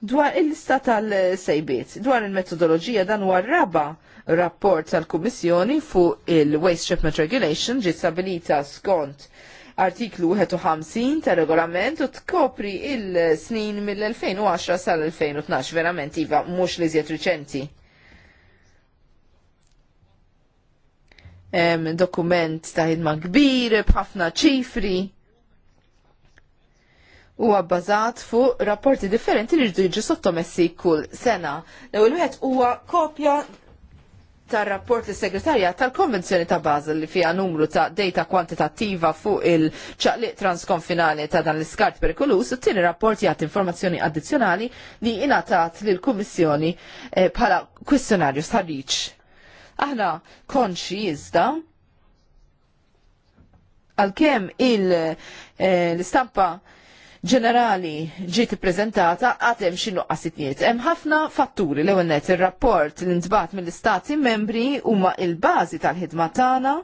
Dwar il-lista tal-sejbiet, dwar il-metodologija dan huwa raba rapport tal-Kummissjoni fuq il-Waste Shipment Regulation ġi stabilita skont artiklu 51 ta' regolament u tkopri il-snin mill-2010 sal-2012 verament iva mhux li żjed riċenti. Em, dokument ta' ħidma kbir, b'ħafna ċifri huwa bbażat fuq rapporti differenti li rridu jiġu sottomessi kull sena. L-ewwel wieħed huwa kopja tar-rapport lis segretarja tal-Konvenzjoni ta' Basel li fiha numru ta' data kwantitattiva fuq il-ċaqliq transkonfinali ta' dan l-iskart perikolus, u t-tini rapport jagħti informazzjoni addizzjonali li ingħatat lill kummissjoni eh, bħala kwistjonarju sħarriċ. Aħna jizda għal għalkemm il-istampa eh, ġenerali ġiet ippreżentata għad hemm xi Hemm ħafna fatturi l ewwel net ir-rapport li intbat mill-istati membri huma l bażi tal-ħidma tagħna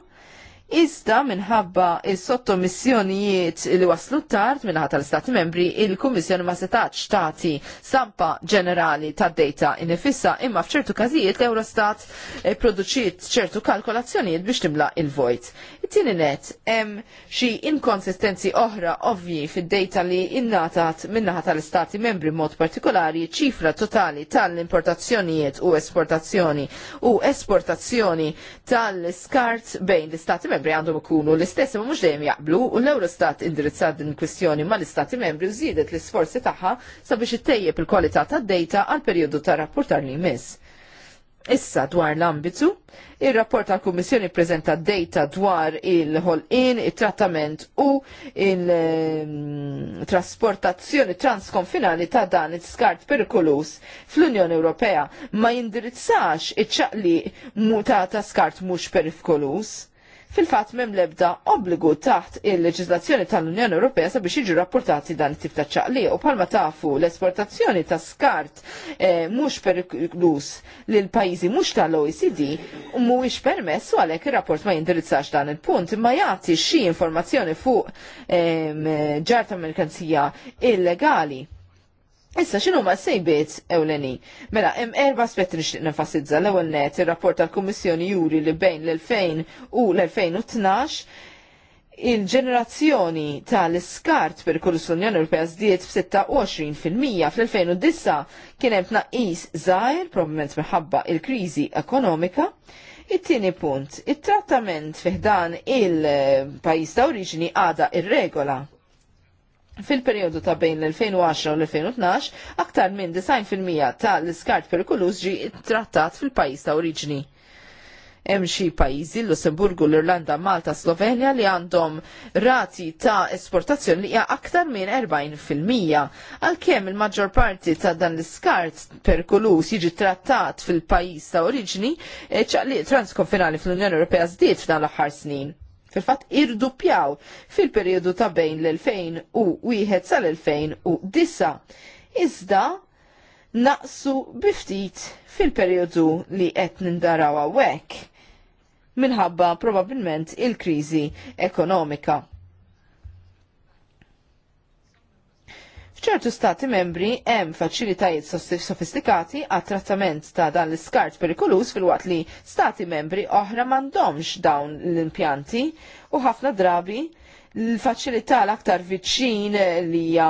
Iżda minħabba il-sottomissjonijiet li waslu tard minnaħat tal-Stati membri, il-Kummissjoni ma setax tagħti stampa ġenerali tad data inifissa imma f'ċertu każijiet l-Eurostat eh, produċiet ċertu kalkolazzjonijiet biex timla il-vojt. It-tieni net hemm xi inkonsistenzi oħra ovvji fid-data li innatat minnaħa tal-Stati membri mod partikolari ċifra totali tal-importazzjonijiet u esportazzjoni u esportazzjoni tal-skart bejn l-Stati membri membri għandhom ikunu l-istess ma mhux dejjem jaqblu u l-Eurostat indirizzat din kwistjoni mal istati membri żiedet l-isforzi tagħha sabiex ittejjeb il-kwalità tad-dejta għal perjodu ta' rapportar li jmiss. Issa dwar l-ambitu, il-rapport tal kummissjoni ppreżenta data dwar il-ħolqin, il-trattament u il-trasportazzjoni transkonfinali ta' dan il-skart perikolus fl-Unjoni Ewropea ma jindirizzax iċ-ċaqli ta' skart mhux perikolus Fil-fatt mem lebda obbligu taħt il-leġizlazzjoni tal-Unjoni Ewropea sabiex jiġu rapportati dan it-tip ta' ċaqli u palma tafu l-esportazzjoni ta' skart eh, mhux periklus lil pajjiżi mhux tal-OECD u mhuwiex permess u għalhekk ir-rapport ma jindirizzax dan il-punt imma jagħti xi informazzjoni fuq eh, ġar ta' merkanzija illegali Issa xinu ma sejbiet ewleni? Mela, hemm erba' aspetti nixtieq nenfasizza l-ewwel net ir-rapport tal-Kummissjoni juri li bejn l-2000 u l-2012 il-ġenerazzjoni tal-iskart per kullus l-Unjoni Ewropea żdiet b'26 fil-mija fl-2009 kien hemm tnaqqis żgħir probabbilment minħabba il-kriżi ekonomika. It-tieni punt, it-trattament fiħdan il-pajjiż ta' oriġini għada ir-regola Fil-periodu ta' bejn l-2010 u l-2012, aktar minn 90% tal-iskart perikolus ġi trattat fil-pajis ta' oriġni. Hemm xi pajjiżi l-Lussemburgu, l-Irlanda, Malta, Slovenja li għandhom rati ta' esportazzjoni li hija aktar minn 40%. Għalkemm il-maġġor parti ta' dan l-iskart perikolus jiġi trattat fil-pajjiż ta' oriġni, eh, ċaqliq transkonfinali fl-Unjoni Ewropea żdied f'dan l-aħħar snin fil-fatt irduppjaw fil-perjodu ta' bejn l-2001 sal-2009. Iżda naqsu biftit fil-perjodu li qed nindaraw hawnhekk minħabba probabbilment il-kriżi ekonomika. ċertu stati membri hemm faċilitajiet sofistikati għat trattament ta' dan l-iskart perikolus fil-waqt li stati membri oħra m'għandhomx dawn l-impjanti u ħafna drabi l-faċilità l-aktar viċin li hija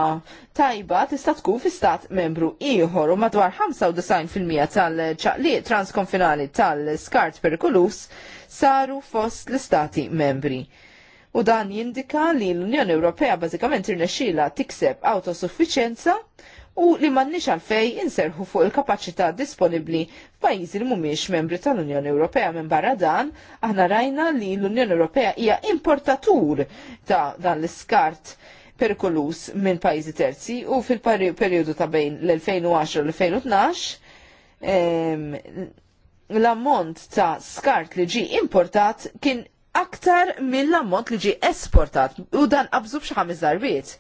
tajba tista' tkun fi stat membru ieħor u madwar 95% tal-ċaqliq transkonfinali tal iskart perikolus saru fost l-istati membri u dan jindika li l-Unjoni Ewropea bażikament irnexxila tikseb autosuffiċenza u li m'għandniex għalfej inserħu fuq il-kapaċità disponibbli f'pajjiżi li mhumiex membri tal-Unjoni Ewropea minn barra dan, aħna rajna li l-Unjoni Ewropea hija importatur ta' dan l-iskart perikolus minn pajjiżi terzi u fil-perjodu ta' bejn l-2010 u l-2012 l-ammont ta' skart li ġi importat kien aktar mill-ammont li ġi esportat u dan qabżu b'xi darbiet.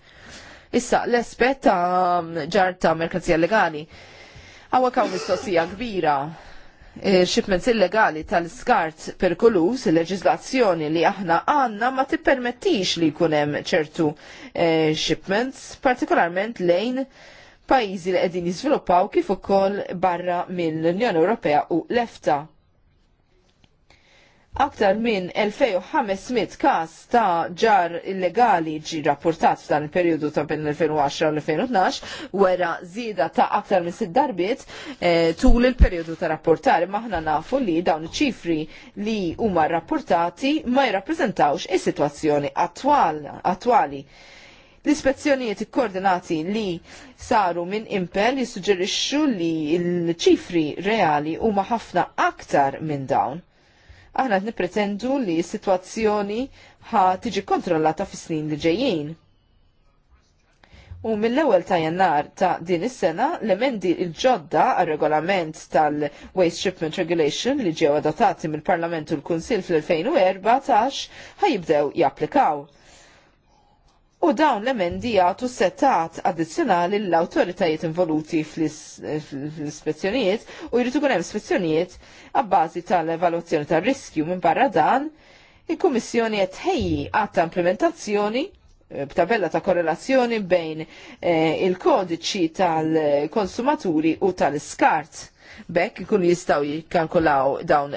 Issa, l-espet ta' ġar ta' merkanzija legali. Għawa kaw mistoqsija kbira. E, shipments illegali tal-skart il leġizlazzjoni li aħna għanna ma tippermettix li kunem ċertu e, shipments, partikolarment lejn pajizi li qegħdin jizviluppaw kif ukoll barra mill-Unjoni Ewropea u lefta. Aktar minn 2500 kas ta' ġar illegali ġi rapportat f'dan il-periodu ta' bejn 2010 u 2012 wera zida ta' aktar minn sitt darbiet e, eh, tul il-periodu ta' rapportar. Maħna nafu li dawn ċifri li huma rapportati ma jirrappreżentawx is-sitwazzjoni attwali. L-ispezzjonijiet koordinati li saru minn impel jissuġġerixxu li l-ċifri reali huma ħafna aktar minn dawn aħna qed nippretendu li s-sitwazzjoni ħa tiġi kontrollata fis-snin li ġejjin. U mill-ewwel ta' Jannar ta' din is-sena l-emendi l-ġodda għal regolament tal-Waste Shipment Regulation li ġew adottati mill-Parlament u l-Kunsill fl-2014 ħajibdew japplikaw. U dawn l-emendi jagħtu setat addizzjonali l awtoritajiet involuti fl-ispezzjonijiet u jrid ikun hemm spezzjonijiet għabbażi tal-evaluazzjoni tar-riskju minn barra dan il-Kummissjoni qed ħejji għatta implementazzjoni eh, b'tabella ta' korrelazzjoni bejn eh, il-kodiċi tal-konsumaturi u tal-iskart. Bekk ikunu jistaw jikkalkulaw dawn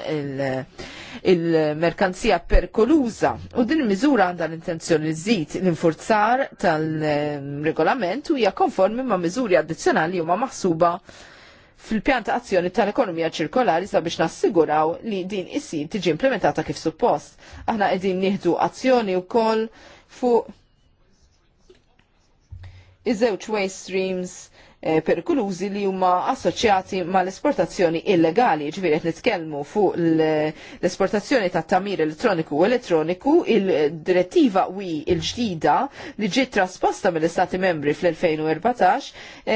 il-merkanzija il perkoluza u din miżura għandha l-intenzjoni żid l-infurzar tal-regolament u hija konformi ma' miżuri addizzjonali huma maħsuba fil-pjan ta' azzjoni tal-ekonomija ċirkolari sabiex nassiguraw li din isir tiġi implementata kif suppost. Aħna qegħdin nieħdu azzjoni wkoll fuq iż-żewġ waste streams Eh, perikolużi li huma assoċjati ma l-esportazzjoni illegali, ġviri qed nitkellmu fuq l-esportazzjoni ta' tamir elettroniku u elettroniku, il-direttiva wi il-ġdida li ġiet trasposta mill-Istati membri fl-2014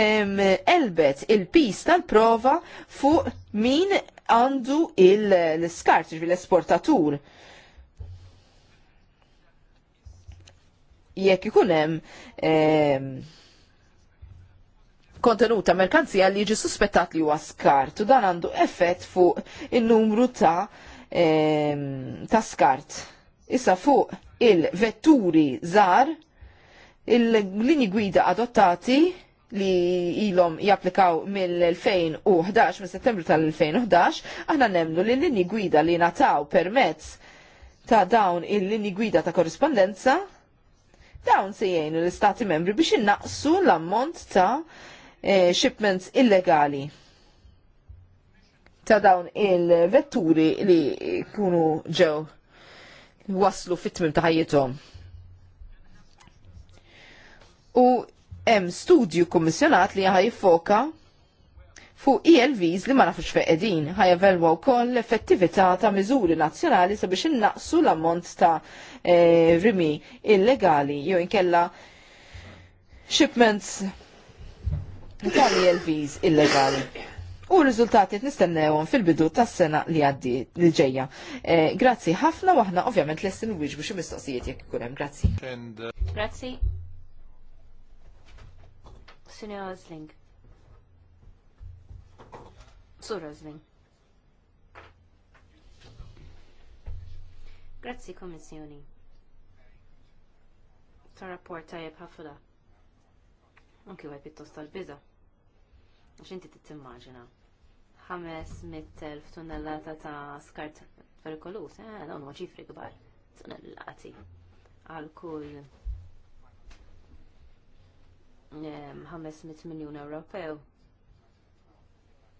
elbet il-pis tal-prova fuq min għandu l-skart, ġviri l-esportatur. Jekk ikun hemm kontenut ta' merkanzija li jiġi suspettat li huwa skart u dan għandu effett fuq in-numru ta' ehm, ta' skart. Issa fuq il-vetturi żar, il lini gwida adottati li ilhom japplikaw mill-2011, minn settembru tal-2011, aħna nemlu li l lini gwida li nataw permezz ta' dawn il lini gwida ta' korrispondenza dawn se jgħinu l-istati membri biex innaqsu l-ammont ta' Eh, shipments illegali ta' dawn il-vetturi li kunu ġew waslu fit-tmim ta' ħajjithom. U hemm studju kummissjonat li ħaj foka fuq ELVs li ma nafux feqedin evelwa wkoll l-effettività ta' miżuri nazzjonali sabiex innaqsu l-ammont ta' eh, rimi illegali jew inkella shipments Prekari l-viz illegali. U rizultati t-nistennewon fil-bidu tas-sena li għaddi li ġejja. Eh, grazzi ħafna waħna ovvjament lessin il-wiġ biex mistoqsijiet jekk ikun hemm. Grazzi. Uh, grazzi. Sinja Osling. Sur Osling. Grazzi Kommissjoni. Ta' rapport tajjeb ħafna. Anki għaj pittost tal-biza għax inti t-immaġina. tittimmaġina. 500.000 tunnellata ta' skart perikolus, eh, dawn ma' ċifri kbar. Tunnellati għal kull 500 miljon Ewropew.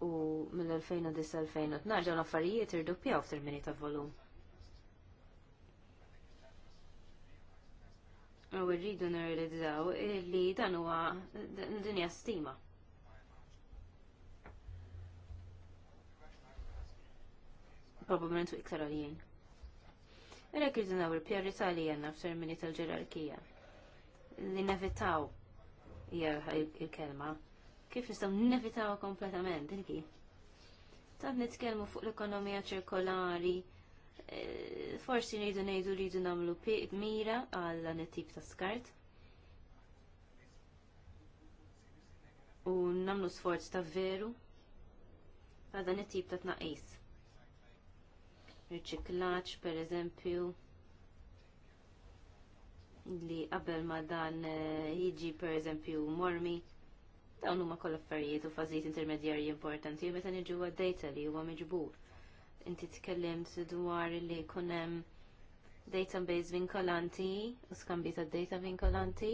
U mill-2010-2012 dawn affarijiet irdoppjaw f'termini ta' volum. U rridu nirrealizzaw li dan huwa dinja stima. probablement u iktar għalijin. Irek irdu naw il pjarrita li għanna f'termini tal-ġerarkija. Li nevitaw hija il-kelma. Kif nistgħu nevitaw kompletament ilki? Tad nitkellmu fuq l-ekonomija ċirkolari, eh, forsi nejdu nejdu rridu namlu mira għal dan it-tip ta' skart. U namlu sforz ta' veru għal dan it-tip ta' tnaqis riċiklaġġ pereżempju li qabel ma dan eh, jiġi pereżempju mormi dawn huma kollha affarijiet u fażijiet intermedjarji importanti meta niġu għad-data li huwa miġbur. Inti tkellimt dwar li jkun hemm database vinkolanti u skambji ta' data vinkolanti.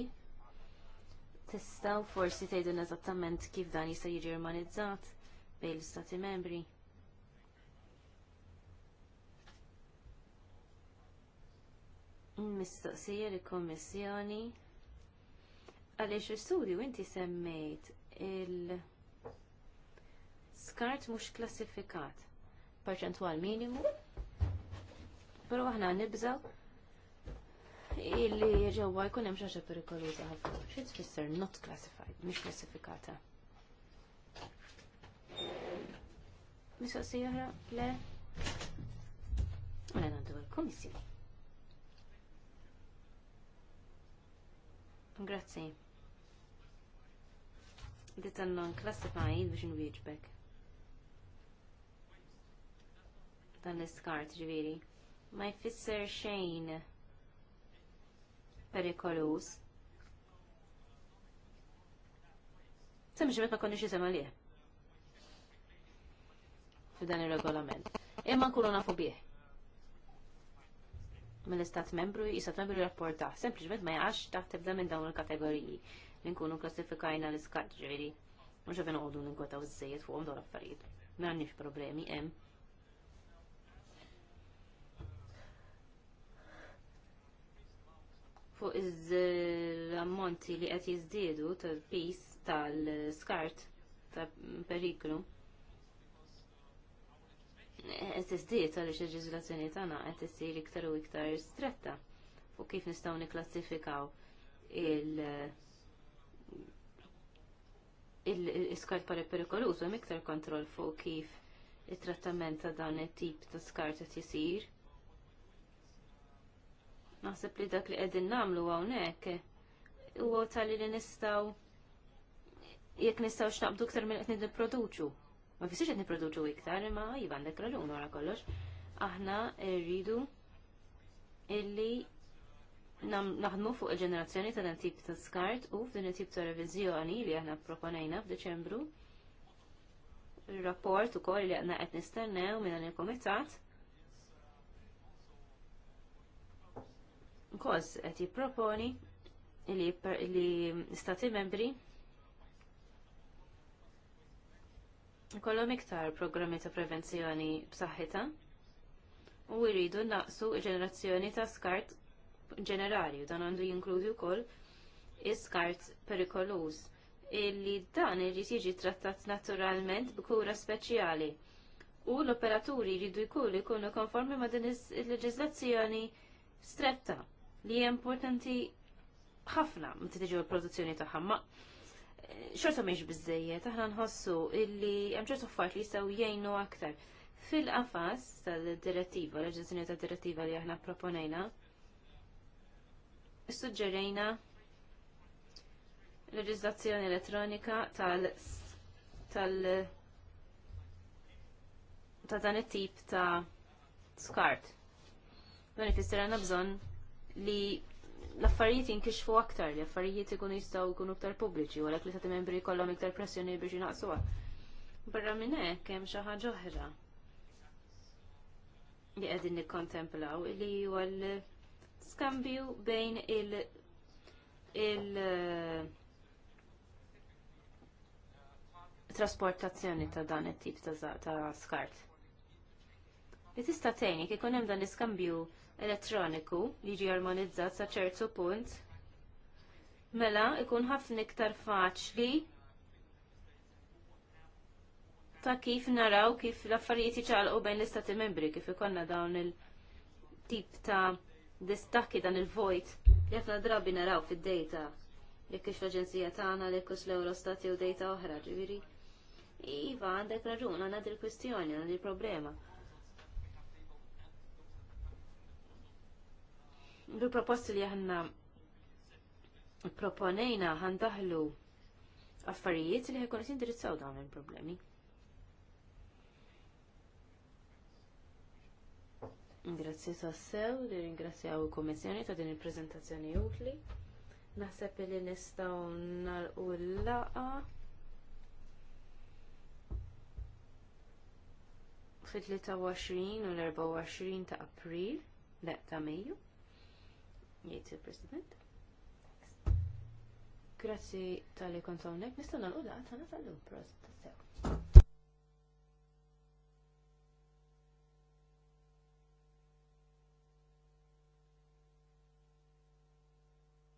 Tistgħu forsi tgħidun eżattament kif dan jista' jiġi organizzat bejn l istati membri. mistoqsija li kommissjoni għaliex il studju inti semmejt il-skart mhux klassifikat perċentwal minimu, però aħna nibżaw illi ġewwa jkun hemm xi perikoluża ħafna. Xi tfisser not classified, mhix klassifikata. Mistoqsija oħra le? Mela Għalena għandu l kummissjoni Grazzi. n klassifajn biex n-wieġbek. Dan l skart ġviri. Ma jfisser xejn perikolus. Semmi ma konni xisem għalie. F'dan il-regolament. Imma nkunu nafu bieħ mill-istat membru, jistat membru rapporta, sempliċement ma jgħax taħt ebda minn dawn il-kategoriji li nkunu klassifikajna l-iskat ġveri. Mux għafin għodu l-inkwetaw z-zejiet fuqom dawn affarijiet. Ma problemi, hemm. Fuq iż-ammonti li qed jiżdiedu tal-pis tal-skart tal periklu SSD għaliex il tagħna qed issir iktar u iktar stretta fuq kif nistgħu niklassifikaw il- il-skart pari perikoluż hemm iktar kontroll fuq kif it-trattament ta' dan it-tip ta' skart qed isir. Naħseb li dak li qegħdin nagħmlu hawnhekk huwa tali li nistgħu jekk nistgħu x'naqbdu iktar minn qed nipproduċu. Ma fissiex qed nipproduċu iktar, imma iva għandek raġun wara kollox. Aħna rridu illi naħdmu fuq il-ġenerazzjoni ta' dan tip ta' skart u f'din it-tip ta' reviżjoni li aħna proponejna f'Deċembru. Il-rapport ukoll li aħna qed nistennew minn dan il-kumitat Kos qed jipproponi li stati membri kollhom iktar programmi ta' prevenzjoni b'saħħitha u jridu naqsu ġenerazzjoni ta' skart ġenerali u dan għandu jinkludi wkoll is-skart perikoluż illi dan irid jiġi trattat naturalment b'kura speċjali u l-operaturi jridu jkunu jkunu konformi ma' din il-leġiżlazzjoni stretta li hija importanti ħafna meta tiġi l-produzzjoni tagħha xorta meġ bizzejiet, aħna nħossu illi hemm soffart li jistgħu jajnu aktar. Fil-qafas tal-direttiva, l ġazzinja tad direttiva li aħna proponejna, suġġerejna leġizlazzjoni elettronika tal tal ta' dan it-tip ta' skart. Dan ifisser għandna bżonn li l-affarijiet jinkixfu aktar, l-affarijiet ikunu jistgħu jkunu aktar pubbliċi, u li ta' membri jkollhom iktar pressjoni biex jinaqsuha. Barra minn hekk hemm xi ħaġa oħra li qegħdin nikkontemplaw li huwa l-skambju bejn il- il- trasportazzjoni ta' dan it-tip ta' skart. Li tista' tgħinni ikun hemm dan l-iskambju elettroniku li ġi armonizzat sa ċertu punt, mela ikun ħafna iktar faċli ta' kif naraw kif l-affarijiet iċalqu bejn l-istati membri kif ikonna dawn il-tip ta' distakki dan il-vojt li ħafna drabi naraw fid-data jekk kif l-Aġenzija tagħna li kus l-Eurostat jew data oħra ġifieri. Iva, għandek raġun, għandek il-kwistjoni, għandek il-problema. il problema Dhu proposti li aħna proponejna ħandaħlu affarijiet li ħekun jindirizzaw dawn il-problemi. Grazzi tassew, li ringrazzjaw il komissjoni ta' din il-prezentazzjoni utli. Naħseb li nistgħu nalqu l-laqa. Fit-23 u l-24 ta' April, le ta' Mejju jgħid il-President. Grazzi tal-li kont hawnhekk nistgħu nagħlqu laqgħa tal-lum